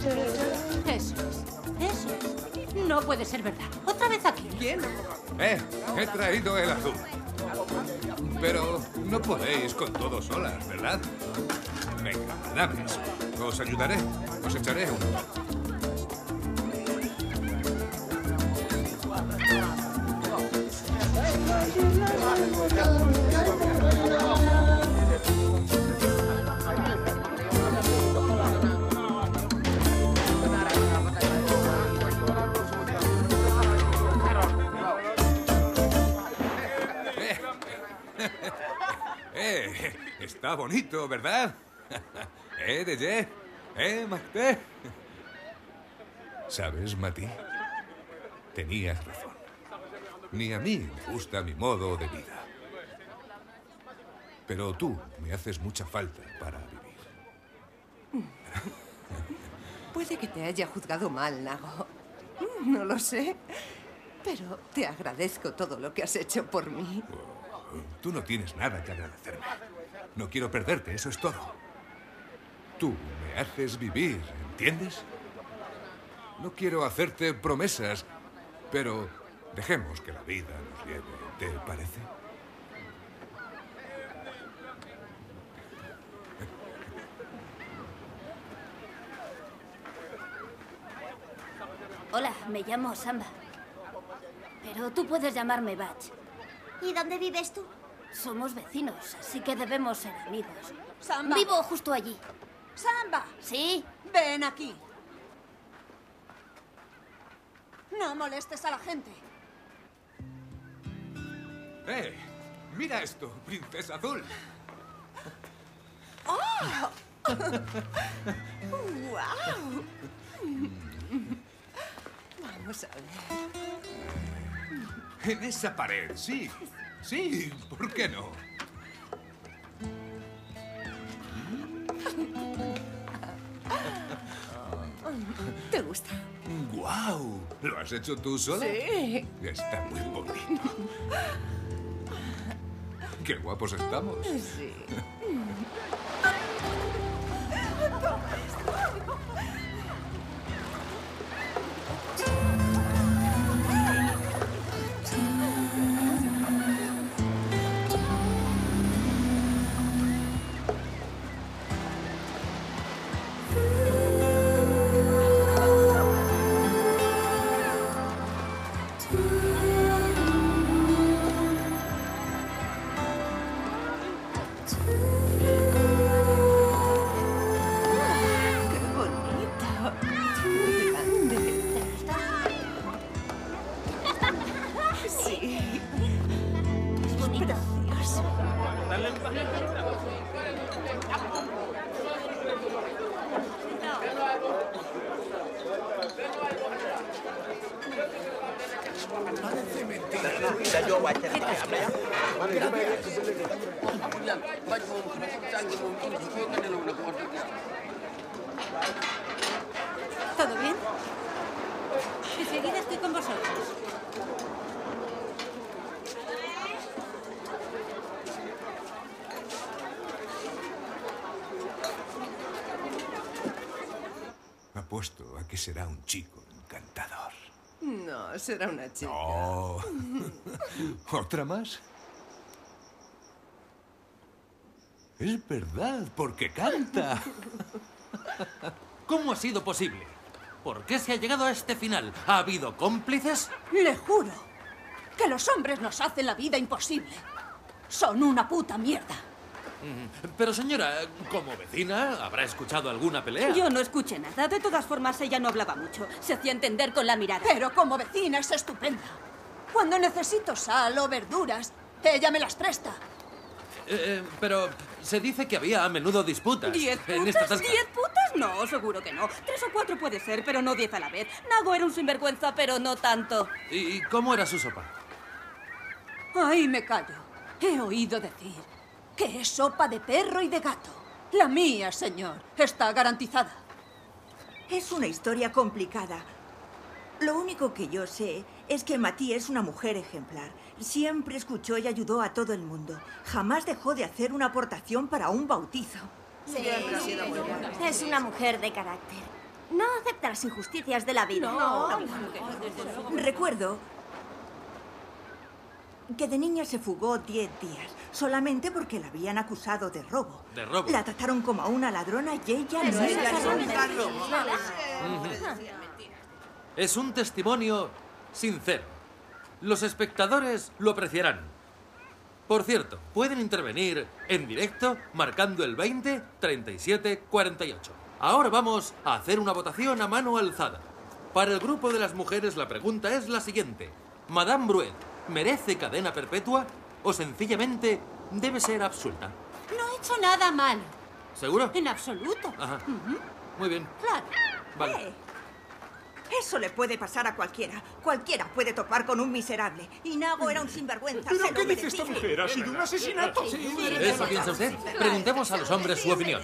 Speaker 13: Eso es. Eso
Speaker 2: es. No puede ser verdad. Otra vez aquí. Eh,
Speaker 3: he traído el azul. Pero no podéis con todo solas, ¿verdad? Venga, eso. Os ayudaré. Os echaré un... Eh, está bonito, ¿verdad? ¿Eh, Deye? ¿Eh, ¿Sabes, Mati? Tenías razón. Ni a mí me gusta mi modo de vida. Pero tú me haces mucha falta para vivir.
Speaker 4: Puede que te haya juzgado mal, Nago. No lo sé. Pero te agradezco todo lo que has hecho por mí. Oh.
Speaker 3: Tú no tienes nada que agradecerme. No quiero perderte, eso es todo. Tú me haces vivir, ¿entiendes? No quiero hacerte promesas, pero dejemos que la vida nos lleve, ¿te parece?
Speaker 14: Hola, me llamo Samba. Pero tú puedes llamarme Batch. ¿Y dónde vives tú? Somos vecinos, así que debemos ser amigos. Vivo justo allí. Samba.
Speaker 9: ¿Sí? Ven aquí. No molestes a la gente.
Speaker 3: ¡Eh! Mira esto, princesa azul.
Speaker 4: ¡Oh! ¡Wow! Mm. Vamos a ver.
Speaker 3: En esa pared, sí. Sí, ¿por qué no? ¿Te gusta? ¡Guau! ¿Lo has hecho tú sola?
Speaker 4: Sí.
Speaker 3: Está muy bonito. ¡Qué guapos estamos!
Speaker 4: Sí. será una chica.
Speaker 3: ¿Otra más?
Speaker 5: Es verdad, porque canta. ¿Cómo ha sido posible? ¿Por qué se ha llegado a este final? ¿Ha habido cómplices? Le juro que los hombres nos hacen la vida imposible. Son una
Speaker 9: puta mierda.
Speaker 5: Pero señora, como vecina, ¿habrá escuchado alguna pelea? Yo no
Speaker 9: escuché nada. De todas formas, ella no hablaba mucho. Se hacía entender con la mirada. Pero como vecina es estupenda. Cuando necesito sal o verduras, ella me las presta.
Speaker 5: Eh, eh, pero se dice que había a menudo disputas. ¿Diez putas? ¿Diez putas? No,
Speaker 9: seguro que no. Tres o cuatro puede ser, pero no diez a la vez. Nago era un sinvergüenza, pero no tanto.
Speaker 5: ¿Y cómo era su sopa?
Speaker 9: Ahí me callo. He oído decir que es sopa de perro y de gato. La mía, señor, está garantizada.
Speaker 15: Es una historia complicada. Lo único que yo sé es que matías es una mujer ejemplar. Siempre escuchó y ayudó a todo el mundo. Jamás dejó de hacer una aportación para un bautizo. es una mujer
Speaker 8: de carácter.
Speaker 15: No acepta las injusticias de la vida. no,
Speaker 8: Recuerdo
Speaker 15: que de niña se fugó 10 días, solamente porque la habían acusado de robo. ¿De robo? La trataron como a una ladrona y ella no es
Speaker 5: Es un testimonio sincero. Los espectadores lo apreciarán. Por cierto, pueden intervenir en directo marcando el 20 37 48. Ahora vamos a hacer una votación a mano alzada. Para el grupo de las mujeres la pregunta es la siguiente. Madame Bruet, merece cadena perpetua o sencillamente debe ser absuelta.
Speaker 15: No he hecho nada mal.
Speaker 5: ¿Seguro? En absoluto. Ajá. Muy bien.
Speaker 15: Claro. Vale. Eh. eso le puede pasar a cualquiera. Cualquiera puede topar con un miserable. Y Nago era un mm. sinvergüenza. ¿Pero qué dice
Speaker 5: esta mujer? ¿Ha sido un asesinato? Sí, ¿Eso piensa usted? Preguntemos a los hombres su opinión.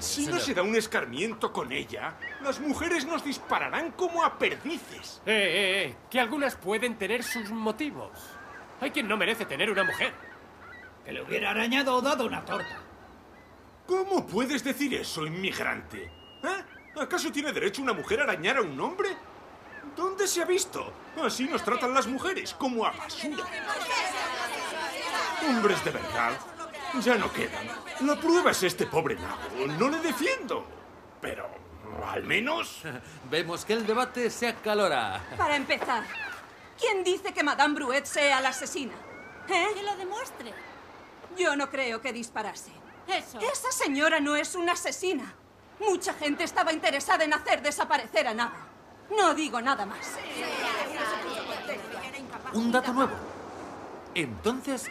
Speaker 5: Si no se da un
Speaker 6: escarmiento con ella, las mujeres nos dispararán como a perdices. Eh, eh, eh. Que algunas pueden tener sus motivos. Hay quien no merece tener una mujer.
Speaker 7: Que le hubiera arañado o dado una torta. ¿Cómo puedes decir eso, inmigrante?
Speaker 3: ¿Eh? ¿Acaso tiene derecho una mujer a arañar a un hombre? ¿Dónde se ha visto? Así nos tratan las mujeres, como a basura. Hombres de
Speaker 5: verdad ya no quedan. La prueba es este pobre Nabo. No le defiendo. Pero, al menos... Vemos que el debate se acalora.
Speaker 9: Para empezar, ¿quién dice que Madame Bruet sea la asesina? ¿Eh? Que lo demuestre. Yo no creo que disparase.
Speaker 2: Eso. Esa
Speaker 9: señora no es una asesina. Mucha gente estaba interesada en hacer desaparecer a Nabo. No digo nada más.
Speaker 5: Un dato nuevo. Entonces,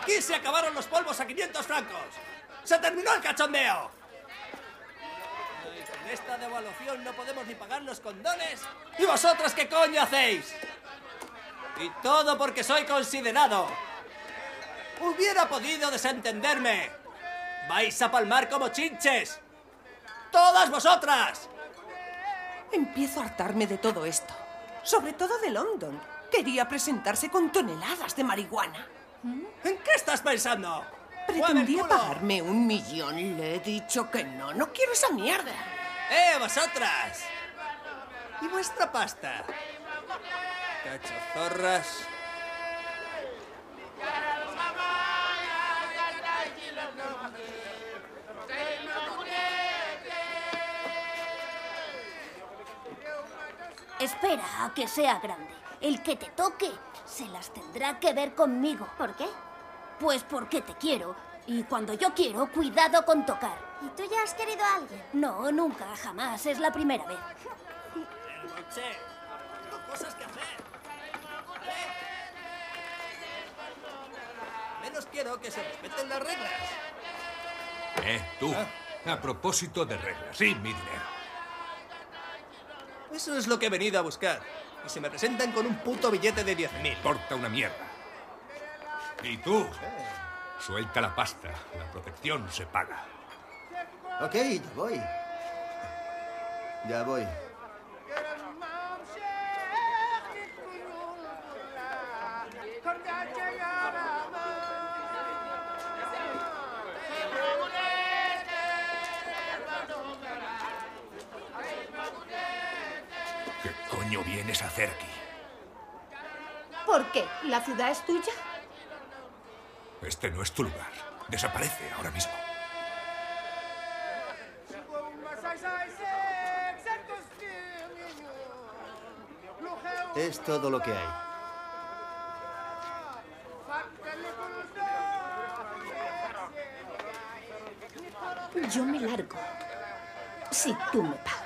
Speaker 12: Aquí se acabaron los polvos a 500 francos. ¡Se terminó el cachondeo! con esta devaluación no podemos ni pagar los condones. ¿Y vosotras qué coño hacéis? Y todo porque soy considerado. Hubiera podido desentenderme. Vais a palmar como
Speaker 4: chinches. Todas vosotras. Empiezo a hartarme de todo esto. Sobre todo de London. Quería presentarse con toneladas de marihuana. ¿En qué estás pensando? Pretendía pagarme un millón. Le he dicho que no. No quiero esa mierda. ¡Eh, vosotras! ¿Y vuestra
Speaker 12: pasta? Cachazorras.
Speaker 14: Espera a que sea grande. El que te toque se las tendrá que ver conmigo. ¿Por qué? Pues porque te quiero. Y cuando yo quiero, cuidado con tocar. ¿Y tú ya has querido a alguien? No, nunca, jamás. Es la primera vez.
Speaker 12: Menos quiero que se respeten las reglas.
Speaker 3: Eh, tú. Ah. A propósito de reglas. Sí, mi
Speaker 12: Eso es lo que he venido a buscar y se me presentan con un puto billete de 10.000. Porta una mierda. Y tú,
Speaker 3: suelta la pasta. La
Speaker 12: protección se paga. Ok, ya voy. Ya voy.
Speaker 2: es tuya?
Speaker 3: Este no es tu lugar. Desaparece ahora mismo.
Speaker 12: Es todo lo que hay.
Speaker 2: Yo me largo. Si tú me pagas.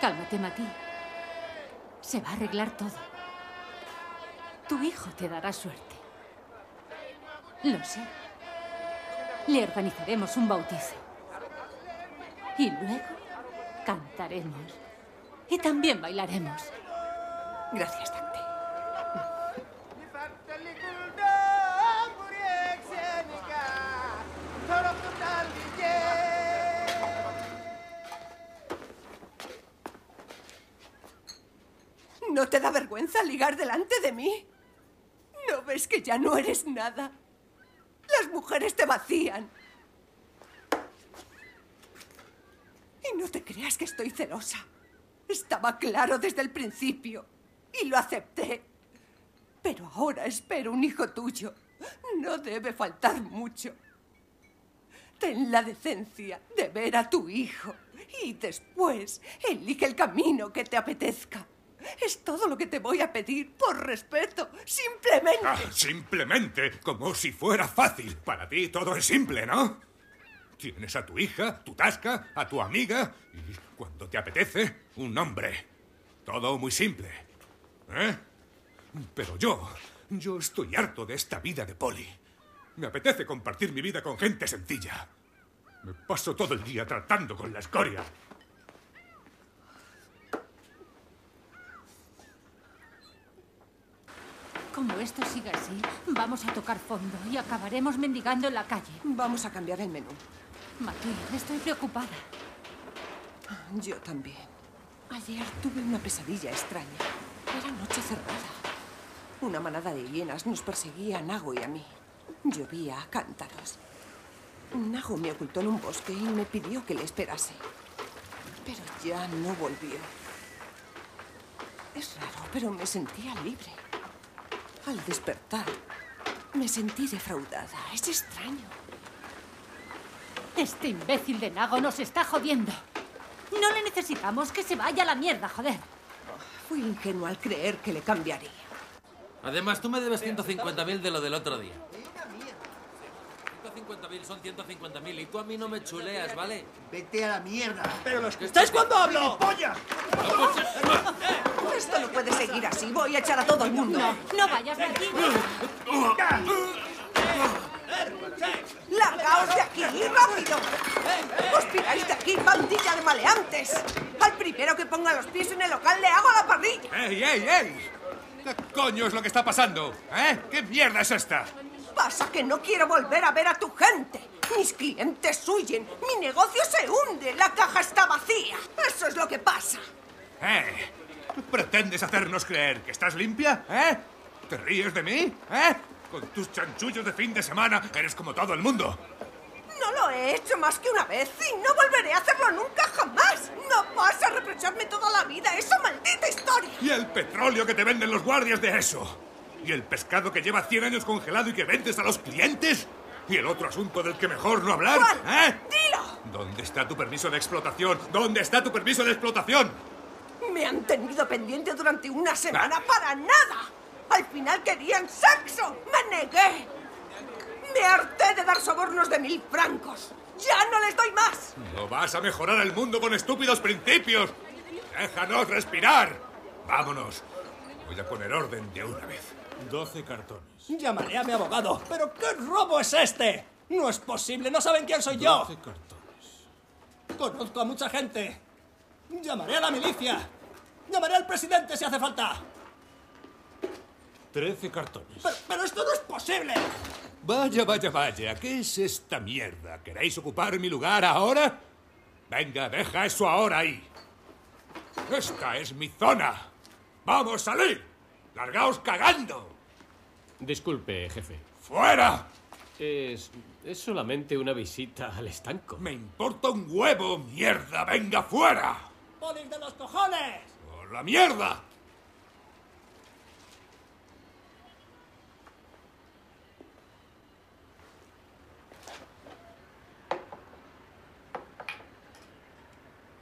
Speaker 2: Cálmate, Mati. Se va a arreglar todo. Tu hijo te dará suerte. Lo sé. Le organizaremos un bautizo. Y luego cantaremos. Y también bailaremos. Gracias,
Speaker 4: delante de mí? ¿No ves que ya no eres nada? Las mujeres te vacían. Y no te creas que estoy celosa. Estaba claro desde el principio y lo acepté. Pero ahora espero un hijo tuyo. No debe faltar mucho. Ten la decencia de ver a tu hijo y después elige el camino que te apetezca. Es todo lo que te voy a pedir, por respeto, simplemente. Ah,
Speaker 3: simplemente, como si fuera fácil. Para ti todo es simple, ¿no? Tienes a tu hija, tu tasca, a tu amiga y, cuando te apetece, un hombre. Todo muy simple. ¿Eh? Pero yo, yo estoy harto de esta vida de poli. Me apetece compartir mi vida con gente sencilla. Me paso todo el día tratando con la escoria.
Speaker 2: Como esto siga así, vamos a tocar fondo y acabaremos mendigando en la calle. Vamos
Speaker 4: a cambiar el menú. Matilde, estoy preocupada. Yo también. Ayer tuve una pesadilla extraña. Era noche cerrada. Una manada de hienas nos perseguía a Nago y a mí. Llovía a cántaros. Nago me ocultó en un bosque y me pidió que le esperase. Pero ya no volvió. Es raro, pero me sentía libre. Al despertar, me sentí defraudada. Es extraño.
Speaker 2: Este imbécil de Nago nos está jodiendo. No le necesitamos
Speaker 4: que se vaya a la mierda, joder. Fui ingenuo al creer que le cambiaría.
Speaker 5: Además, tú me debes 150.000 de lo del otro día. 150.000 son 150.000 y tú a mí no me chuleas, ¿vale? Vete a la mierda. Pero lo escucháis cuando hablo.
Speaker 4: ¡Polla! Esto no puede seguir así. Voy a echar a todo el mundo. No, no vayas de aquí. ¡Largaos de aquí! ¡Rápido! ¡Os piráis de aquí, bandilla de maleantes! Al primero que ponga los pies en el local le hago la parrilla. ¡Ey, ey, ey! ¿Qué coño es lo que está pasando? ¿Eh? ¿Qué mierda es esta? pasa? Que no quiero volver a ver a tu gente. Mis clientes huyen, mi negocio se hunde, la caja está vacía. Eso es lo que pasa.
Speaker 3: ¿Eh? pretendes hacernos creer que estás limpia? ¿Eh? ¿Te ríes de mí? ¿Eh? Con tus chanchullos de fin de semana eres como todo el mundo.
Speaker 4: No lo he hecho más que una vez y no volveré a hacerlo nunca jamás. No vas a reprocharme toda la vida esa maldita historia.
Speaker 3: Y el petróleo que te venden los guardias de eso. ¿Y el pescado que lleva 100 años congelado y que vendes a los clientes? ¿Y el otro asunto del que mejor no hablar? ¿Cuál? ¿Eh?
Speaker 4: ¡Dilo!
Speaker 3: ¿Dónde está tu permiso de explotación? ¿Dónde está tu permiso de explotación?
Speaker 4: Me han tenido pendiente durante una semana para nada. Al final querían sexo. Me negué. Me harté de dar sobornos de mil francos. ¡Ya no les doy más!
Speaker 3: No vas a mejorar el mundo con estúpidos principios. Déjanos respirar.
Speaker 12: Vámonos. Voy a poner
Speaker 3: orden de una vez. 12 cartones.
Speaker 12: Llamaré a mi abogado. ¿Pero qué robo es este? No es posible, no saben quién soy yo. 12 cartones. Conozco a mucha gente. Llamaré a la milicia. Llamaré al presidente si hace falta.
Speaker 3: 13 cartones.
Speaker 12: Pero, pero, esto no es posible.
Speaker 3: Vaya, vaya, vaya. ¿Qué es esta mierda? ¿Queréis ocupar mi lugar ahora? Venga, deja eso ahora ahí. Esta es mi zona. ¡Vamos a salir! ¡Largaos cagando!
Speaker 6: Disculpe, jefe.
Speaker 3: ¡Fuera! Es, es solamente una visita al estanco. Me importa un huevo, mierda. Venga fuera.
Speaker 12: ¡Podéis de los cojones!
Speaker 7: ¡Por la mierda!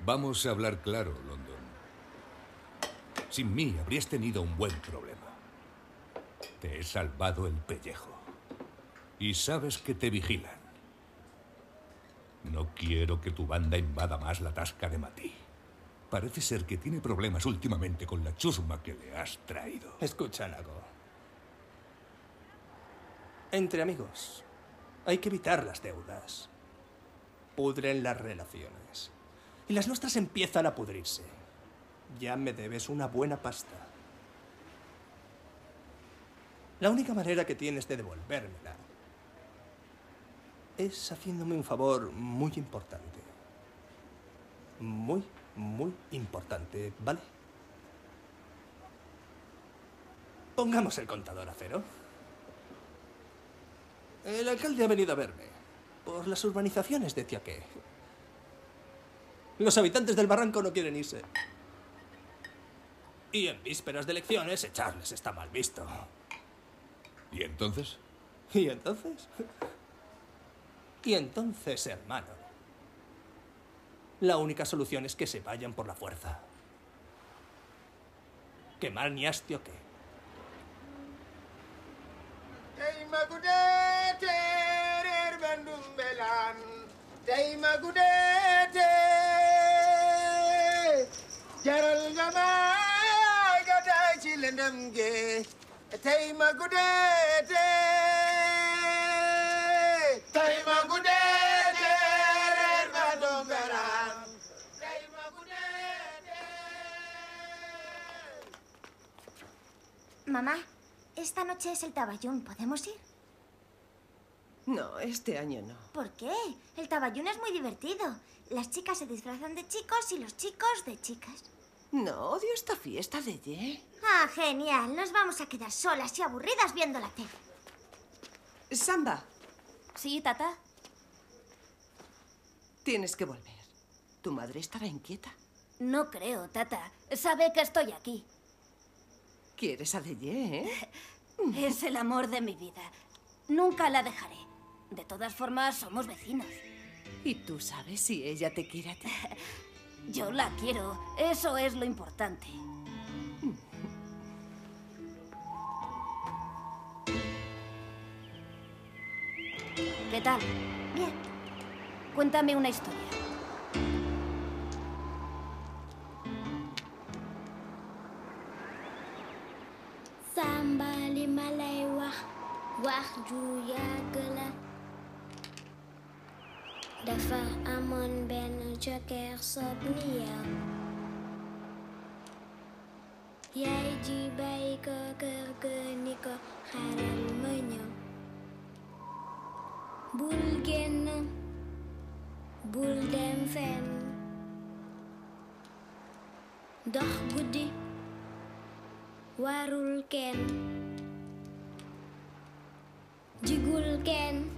Speaker 3: Vamos a hablar claro, sin mí habrías tenido un buen problema. Te he salvado el pellejo. Y sabes que te vigilan. No quiero que tu banda invada más la tasca de Matí. Parece ser que tiene problemas últimamente con la chusma que le has traído. Escucha, Nago.
Speaker 12: Entre amigos, hay que evitar las deudas. Pudren las relaciones. Y las nuestras empiezan a pudrirse. Ya me debes una buena pasta. La única manera que tienes de devolvérmela es haciéndome un favor muy importante. Muy, muy importante, ¿vale? Pongamos el contador a cero. El alcalde ha venido a verme por las urbanizaciones de Tiaqué. Los habitantes del barranco no quieren irse. Y en vísperas de elecciones, echarles está mal visto.
Speaker 3: ¿Y entonces?
Speaker 12: ¿Y entonces? Y entonces, hermano, la única solución es que se vayan por la fuerza. Que mal ni hastio que.
Speaker 8: Mamá, esta noche es el Tabayún, ¿podemos ir? No, este año no. ¿Por qué? El Tabayún es muy divertido. Las chicas se disfrazan de chicos y los chicos de chicas. No, odio esta fiesta de ye. Ah, genial. Nos vamos a quedar solas y aburridas viendo la tele. Samba. Sí, tata.
Speaker 4: Tienes que volver. Tu madre estará inquieta.
Speaker 8: No
Speaker 14: creo, tata. Sabe que estoy aquí. ¿Quieres a Deye, eh? Es el amor de mi vida. Nunca la dejaré. De todas formas, somos vecinos. ¿Y tú sabes si ella te quiere a ti? Yo la quiero. Eso es lo importante. ¿Qué tal? Bien. Cuéntame una historia.
Speaker 16: Samba lima, Dafar Amon Ben Joker Sobnia Yai Ji Bai Ko Ker Ke Niko Haral Menyo Bul Gen Bul Dem Fen Dok Budi Warul Ken Jigul Ken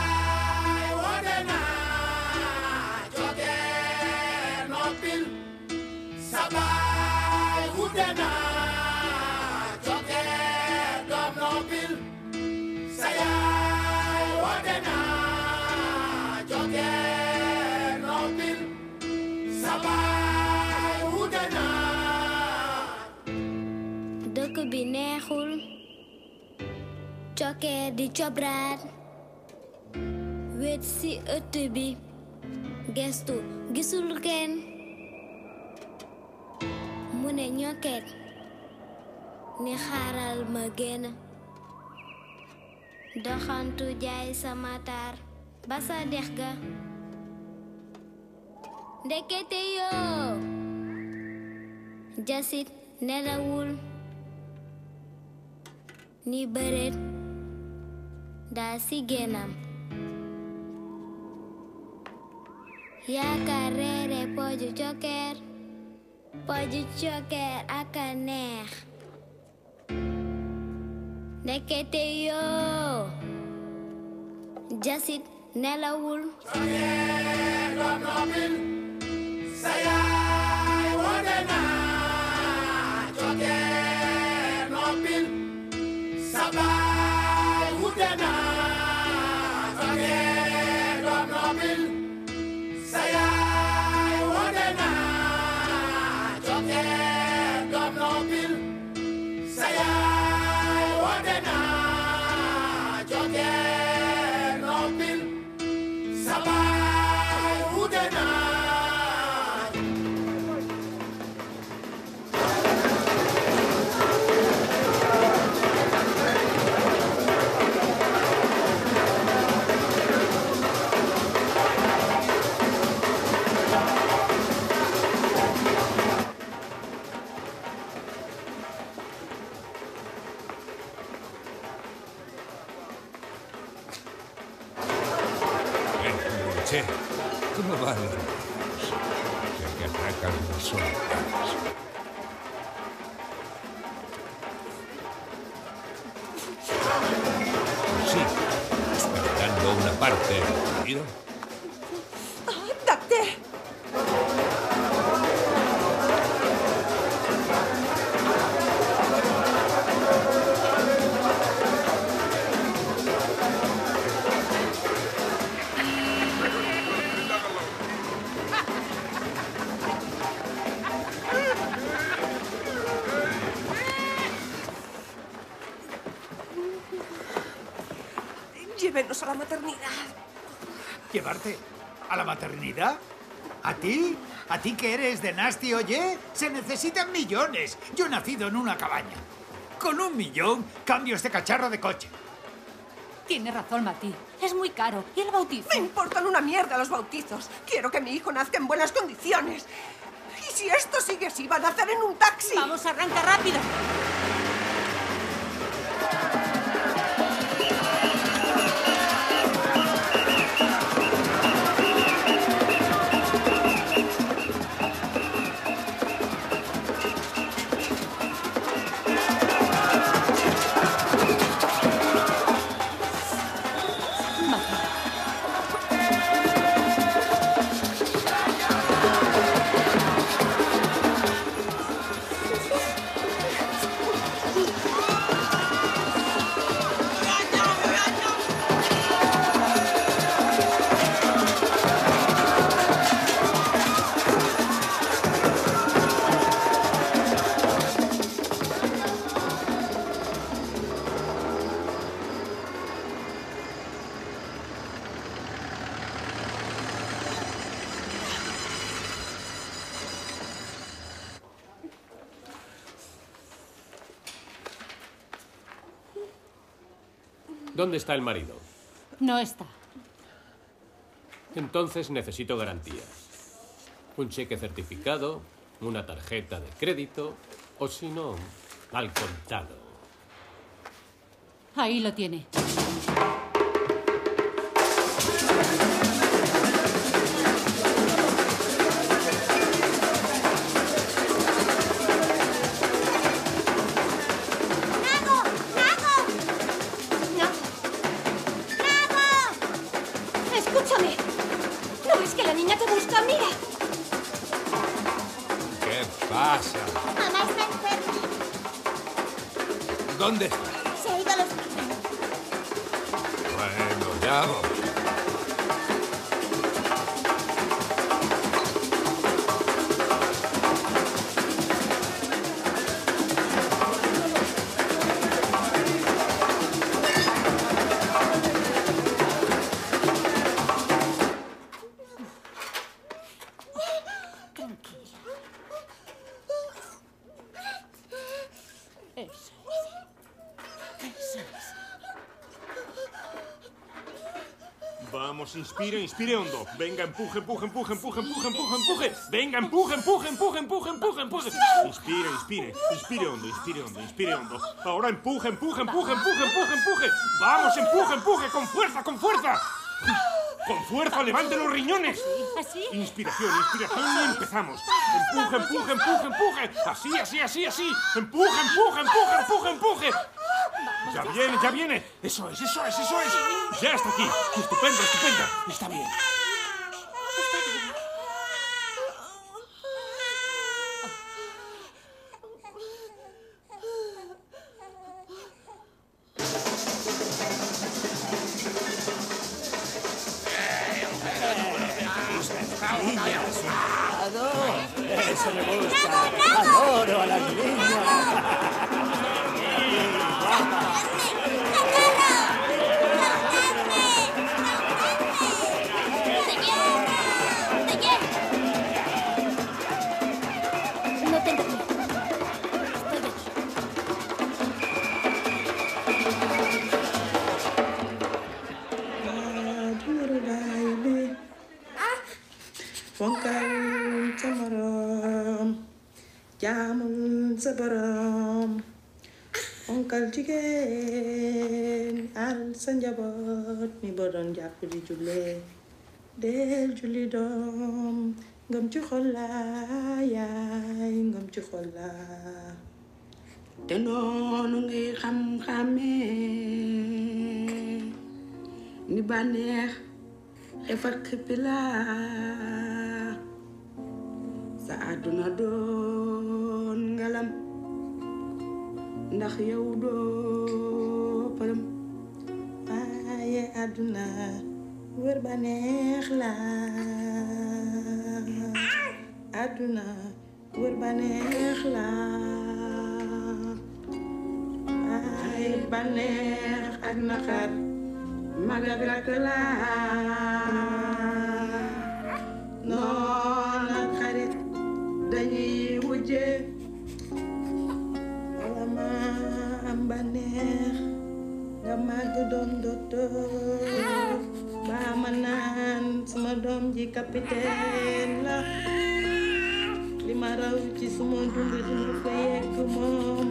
Speaker 16: ke di cobrat wet si utubi Ges gestu gisul Mune mu ne ni xaaral magena Dokhan tu jaay samatar Basa dekga Dekete yo ga jasit nelawul ni beret dasi genam ya karere poju choker Poju choker akaner Nekete yo Jasit nelawul Choker, Saya
Speaker 3: No va a dar... ya que ataca a los alfabetos. ¿Por qué? ¿Están una parte del contenido?
Speaker 7: ¿A ti? ¿A ti que eres de Nasty, oye? Se necesitan millones. Yo he nacido en una cabaña. Con un millón cambio este cacharro de coche. Tiene razón, Mati.
Speaker 4: Es muy caro. ¿Y el bautizo? Me importan una mierda los bautizos. Quiero que mi hijo nazca en buenas condiciones. Y si esto sigue así, va a hacer en un taxi. Vamos, arranca rápido.
Speaker 6: ¿Dónde está el marido? No está. Entonces necesito garantías. Un cheque certificado, una tarjeta de crédito o si no, al contado.
Speaker 2: Ahí lo tiene.
Speaker 3: Inspire, inspire hondo. Venga, empuje, empuje, empuje, empuje, empuje, empuje, empuje. Venga, empuje, empuje, empuje, empuje, empuje, Inspire, inspire, inspire hondo, inspire hondo, inspire hondo. Ahora empuje, empuje, empuje, empuje, empuje, empuje. Vamos, empuje, empuje, con fuerza, con fuerza. Con fuerza, levanten los riñones. ¿Así? Inspiración, inspiración y empezamos. Empuje, empuje, empuje, empuje. Así, así, así, así. Empuje, empuje, empuje, empuje, empuje. ¡Ya viene, ya viene! ¡Eso es, eso es, eso es! ¡Ya está aquí!
Speaker 11: ¡Estupenda, estupendo! ¡Está bien!
Speaker 13: ku di jullee del julli doom ngëm ci xol la yaay ngëm ci xol la te noonu ngay xam-xamee ni bànneex xef xippi la sa àdduna doon ngalam ndax yow doo përëm bàyyee àdduna wër ba la àdduna wër ba la bàyyee ba neex ak naqar la noon xarit dañuy wujje wala ma am ba doom docteur ba ma naan sama doom ji capitaine la li ma raw ci suma dund dund ko yegg moom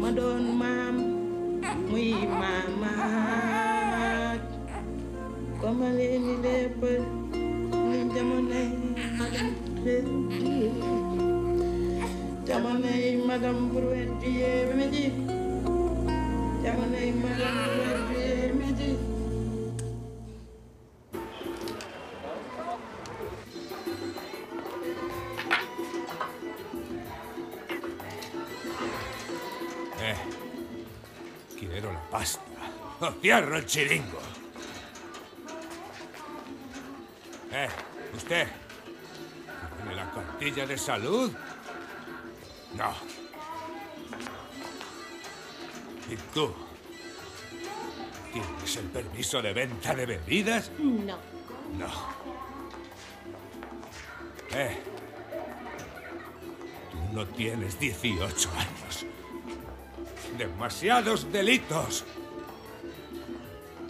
Speaker 13: ma doon mama. muy maamaak comme leeni lépp ni jamonoy madame Brouette jamonoy madame Brouette bi yee ma
Speaker 3: Eh, quiero la pasta. Oh, cierro el chiringo. Eh, usted. ¿Tiene la cartilla de salud? No. ¿Y tú? el permiso de venta de bebidas? No. No. Eh. Tú no tienes 18 años. Demasiados delitos.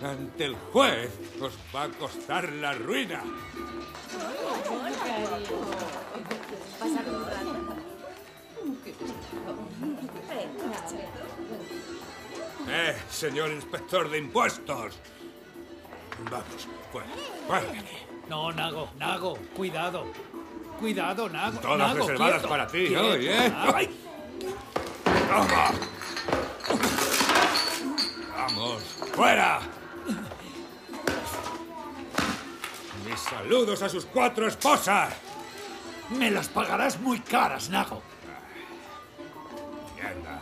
Speaker 3: Ante el juez os va a costar la ruina. Eh, señor inspector de impuestos. Vamos, fuera.
Speaker 7: No, Nago, Nago, cuidado. Cuidado, Nago. Todas reservadas para ti, ¿eh? ¡Toma!
Speaker 3: ¡Vamos! ¡Fuera! Mis
Speaker 7: saludos a sus cuatro esposas. Me las pagarás muy caras, Nago.
Speaker 3: Mierda.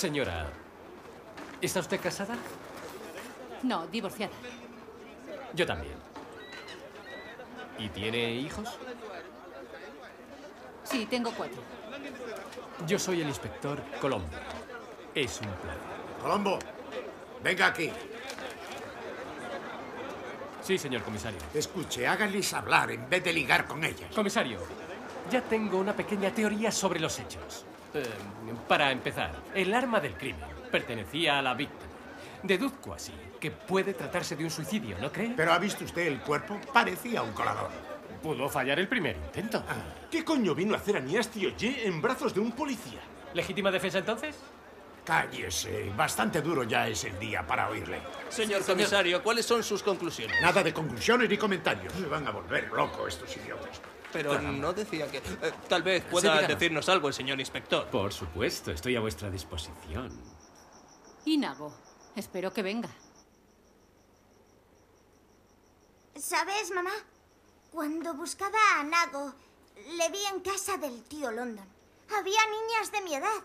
Speaker 5: Señora, ¿está usted casada?
Speaker 2: No, divorciada.
Speaker 6: Yo también. ¿Y tiene hijos?
Speaker 2: Sí, tengo cuatro.
Speaker 6: Yo soy el inspector Colombo. Es un placer. Colombo, venga aquí. Sí, señor comisario. Escuche, hágales hablar en vez de ligar con ellas. Comisario, ya tengo una pequeña teoría sobre los hechos. Eh, para empezar, el arma del crimen pertenecía a la víctima. Deduzco así que puede tratarse de un suicidio, ¿no cree? ¿Pero ha visto usted el cuerpo? Parecía un colador. Pudo fallar el primer intento. Ah, ¿Qué coño vino a hacer a Niastio ye en brazos de un policía? ¿Legítima defensa entonces? Cállese. Bastante duro ya es el día para oírle. Señor comisario, ¿cuáles son sus conclusiones? Nada de conclusiones ni comentarios. Se van a volver loco estos idiotas pero no decía que... Eh, tal vez pueda
Speaker 12: decirnos algo el señor inspector. Por supuesto, estoy a vuestra disposición.
Speaker 2: Inago, espero que venga.
Speaker 8: ¿Sabes, mamá? Cuando buscaba a Nago, le vi en casa del tío London. Había niñas de mi edad.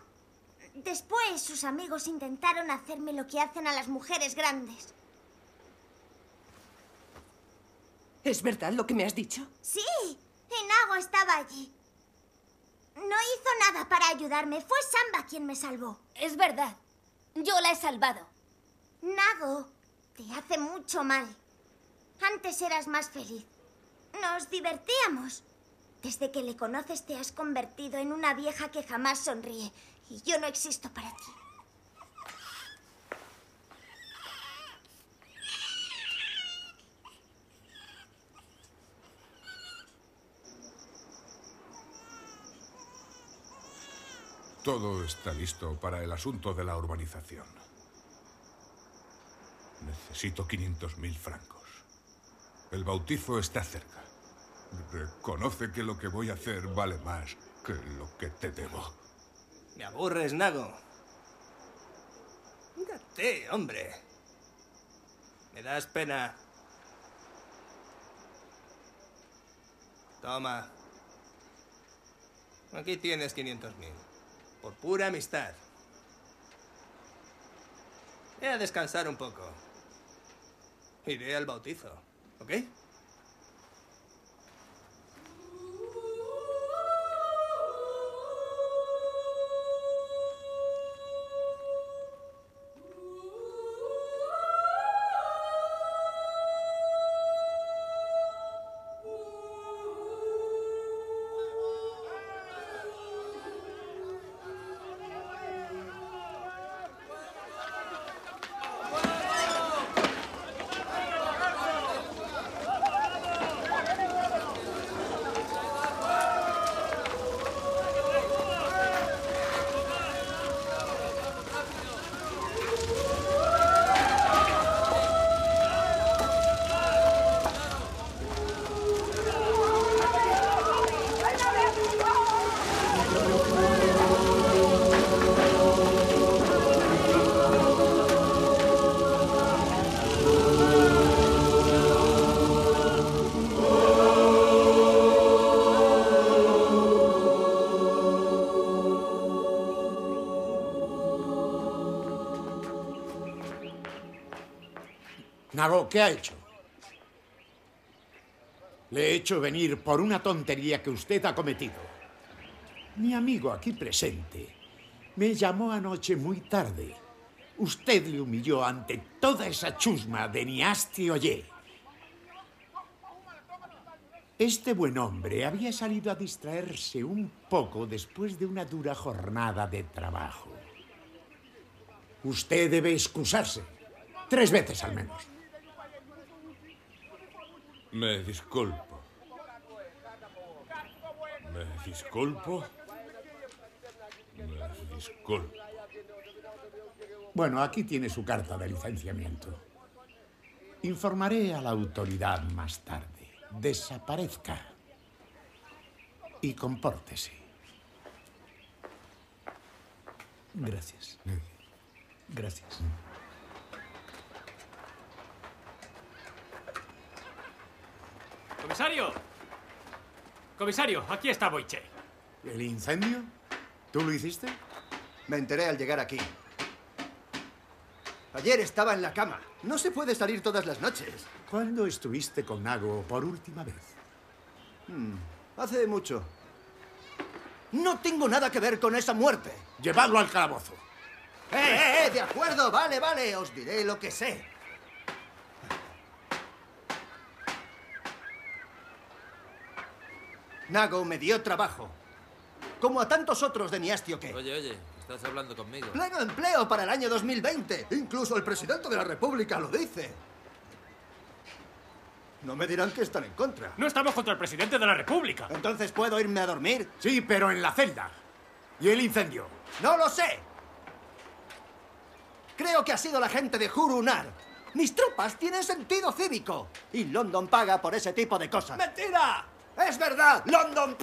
Speaker 8: Después sus amigos intentaron hacerme lo que hacen a las mujeres grandes.
Speaker 4: ¿Es verdad lo que me has dicho?
Speaker 8: Sí, Nago estaba allí. No hizo nada para ayudarme. Fue Samba quien me salvó. Es verdad. Yo la he salvado. Nago, te hace mucho mal. Antes eras más feliz. Nos divertíamos. Desde que le conoces te has convertido en una vieja que jamás sonríe. Y yo no existo para ti.
Speaker 3: Todo está listo para el asunto de la urbanización. Necesito 500.000 francos. El bautizo está cerca. Reconoce que lo que voy a hacer vale más
Speaker 12: que lo que te debo. Me aburres, Nago. Mírate, hombre. Me das pena. Toma. Aquí tienes 500.000 por pura amistad. Ve a descansar un poco. Iré al bautizo,
Speaker 11: ¿ok?
Speaker 6: ¿Qué ha hecho. Le he hecho venir por una tontería que usted ha cometido. Mi amigo aquí presente me llamó anoche muy tarde. Usted le humilló ante toda esa chusma de Niasti Oye. Este buen hombre había salido a distraerse un poco después de una dura jornada de trabajo. Usted debe excusarse, tres veces al menos.
Speaker 3: Me disculpo. Me disculpo.
Speaker 6: Me disculpo. Bueno, aquí tiene su carta de licenciamiento. Informaré a la autoridad más tarde. Desaparezca. Y compórtese. Gracias.
Speaker 7: Gracias. ¡Comisario! Comisario, aquí está Boiche.
Speaker 6: ¿El incendio? ¿Tú lo hiciste? Me enteré al llegar aquí. Ayer estaba en la cama. No se puede salir todas las noches. ¿Cuándo estuviste con Nago por última vez? Hmm, hace mucho. No tengo nada que ver con esa muerte. Llevadlo al calabozo. ¡Eh, eh, eh! De
Speaker 12: acuerdo, vale, vale. Os diré lo que sé. Nago me dio trabajo. Como a tantos otros de mi que.
Speaker 5: Oye, oye, estás hablando conmigo. Pleno
Speaker 12: empleo para el año 2020. Incluso el presidente de la República lo dice. No me dirán que están en contra.
Speaker 6: No estamos contra el presidente de la República. Entonces puedo irme a dormir. Sí, pero en la celda. ¿Y el incendio? No lo sé.
Speaker 12: Creo que ha sido la gente de Jurunar. Mis tropas tienen sentido cívico. Y London paga por ese tipo de cosas. ¡Mentira! ¡Es verdad! ¡London!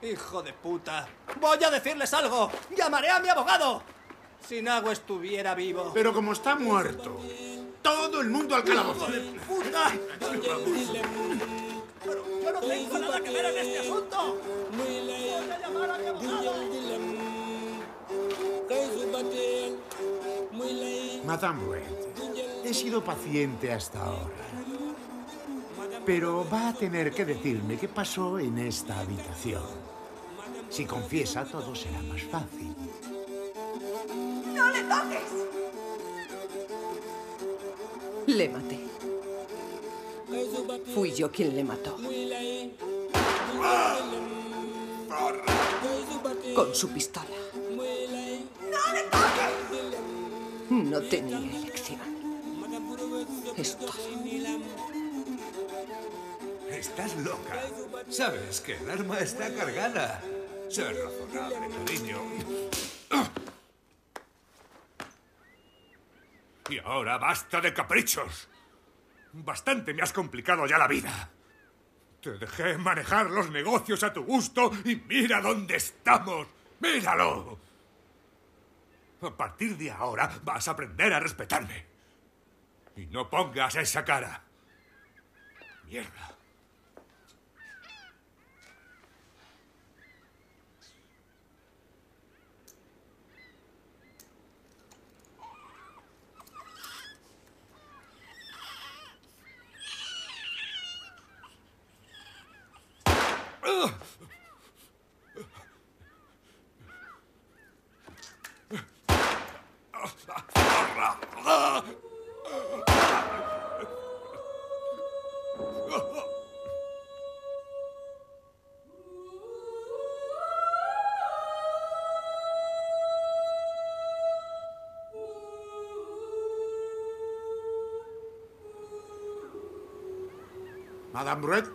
Speaker 12: Hijo de puta. Voy a decirles algo. Llamaré a mi abogado. Si Nago estuviera vivo.
Speaker 6: Pero como está muerto.
Speaker 12: Todo el mundo al calabozo. ¡Hijo de puta!
Speaker 10: yo no tengo nada que ver en este asunto. Voy a llamar a mi abogado.
Speaker 6: Madame Wade, he sido paciente hasta ahora. Pero va a tener que decirme qué pasó en esta habitación. Si confiesa, todo será más fácil.
Speaker 4: ¡No le toques! Le maté. Fui yo quien le mató. Con su pistola. ¡No le toques! No tenía elección. Es
Speaker 3: Estás loca. Sabes que el arma está cargada. Ser razonable, cariño. Y ahora basta de caprichos. Bastante me has complicado ya la vida. Te dejé manejar los negocios a tu gusto y mira dónde estamos. ¡Míralo! A partir de ahora vas a aprender a respetarme. Y no pongas esa cara. Mierda.
Speaker 6: Madame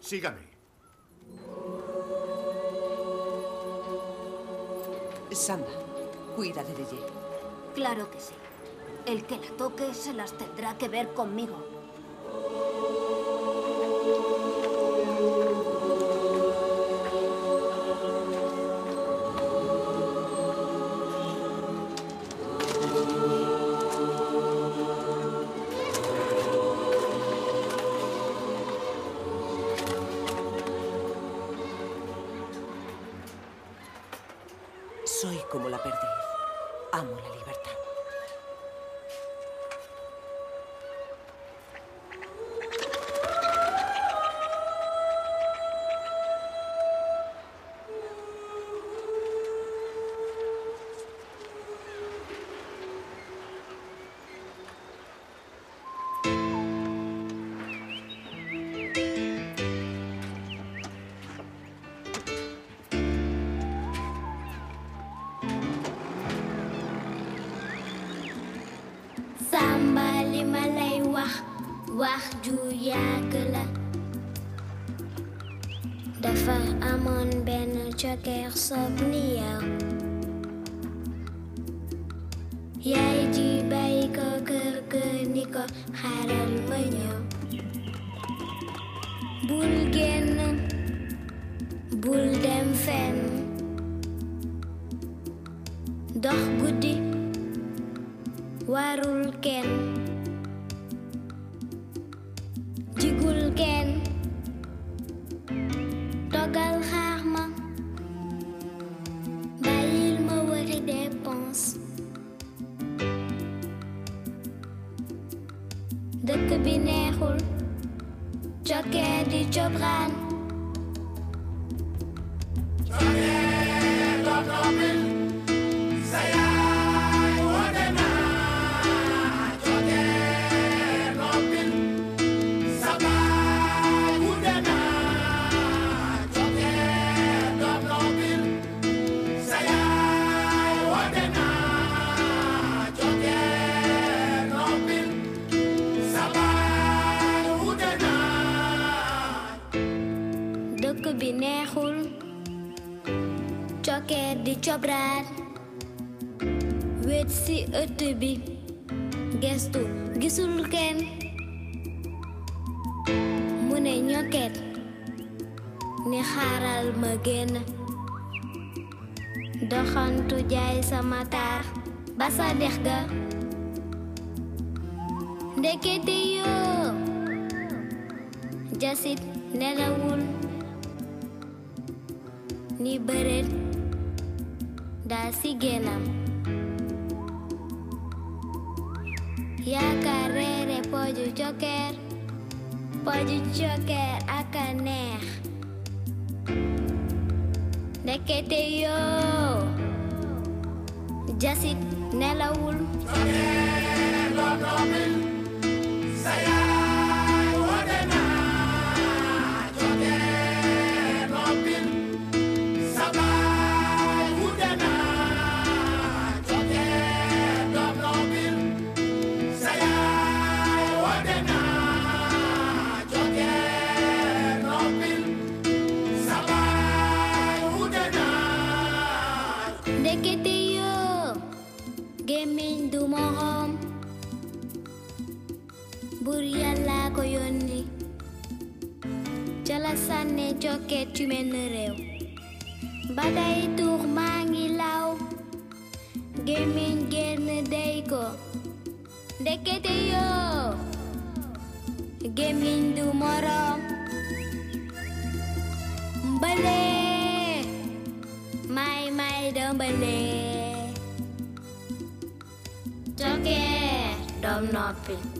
Speaker 6: sígame.
Speaker 4: Samba, cuida de Jenny.
Speaker 14: Claro que sí. El que la toque se las tendrá que ver conmigo.
Speaker 16: jobrat wed si ëtt bi gestu gisul ken Mune ne ni haral magen, génn tu jai sama tar Basa sa ga jasit nelawul ni beret. Si genom Ya carrera pode choker Pode choker a caner Nekete yo Jasit nelawul Saya cho kẻ tu men rêu badai mang mangi lao gemin gen deiko dekete yo gemin du moro bale mai mai dom bale cho kẻ dom nopin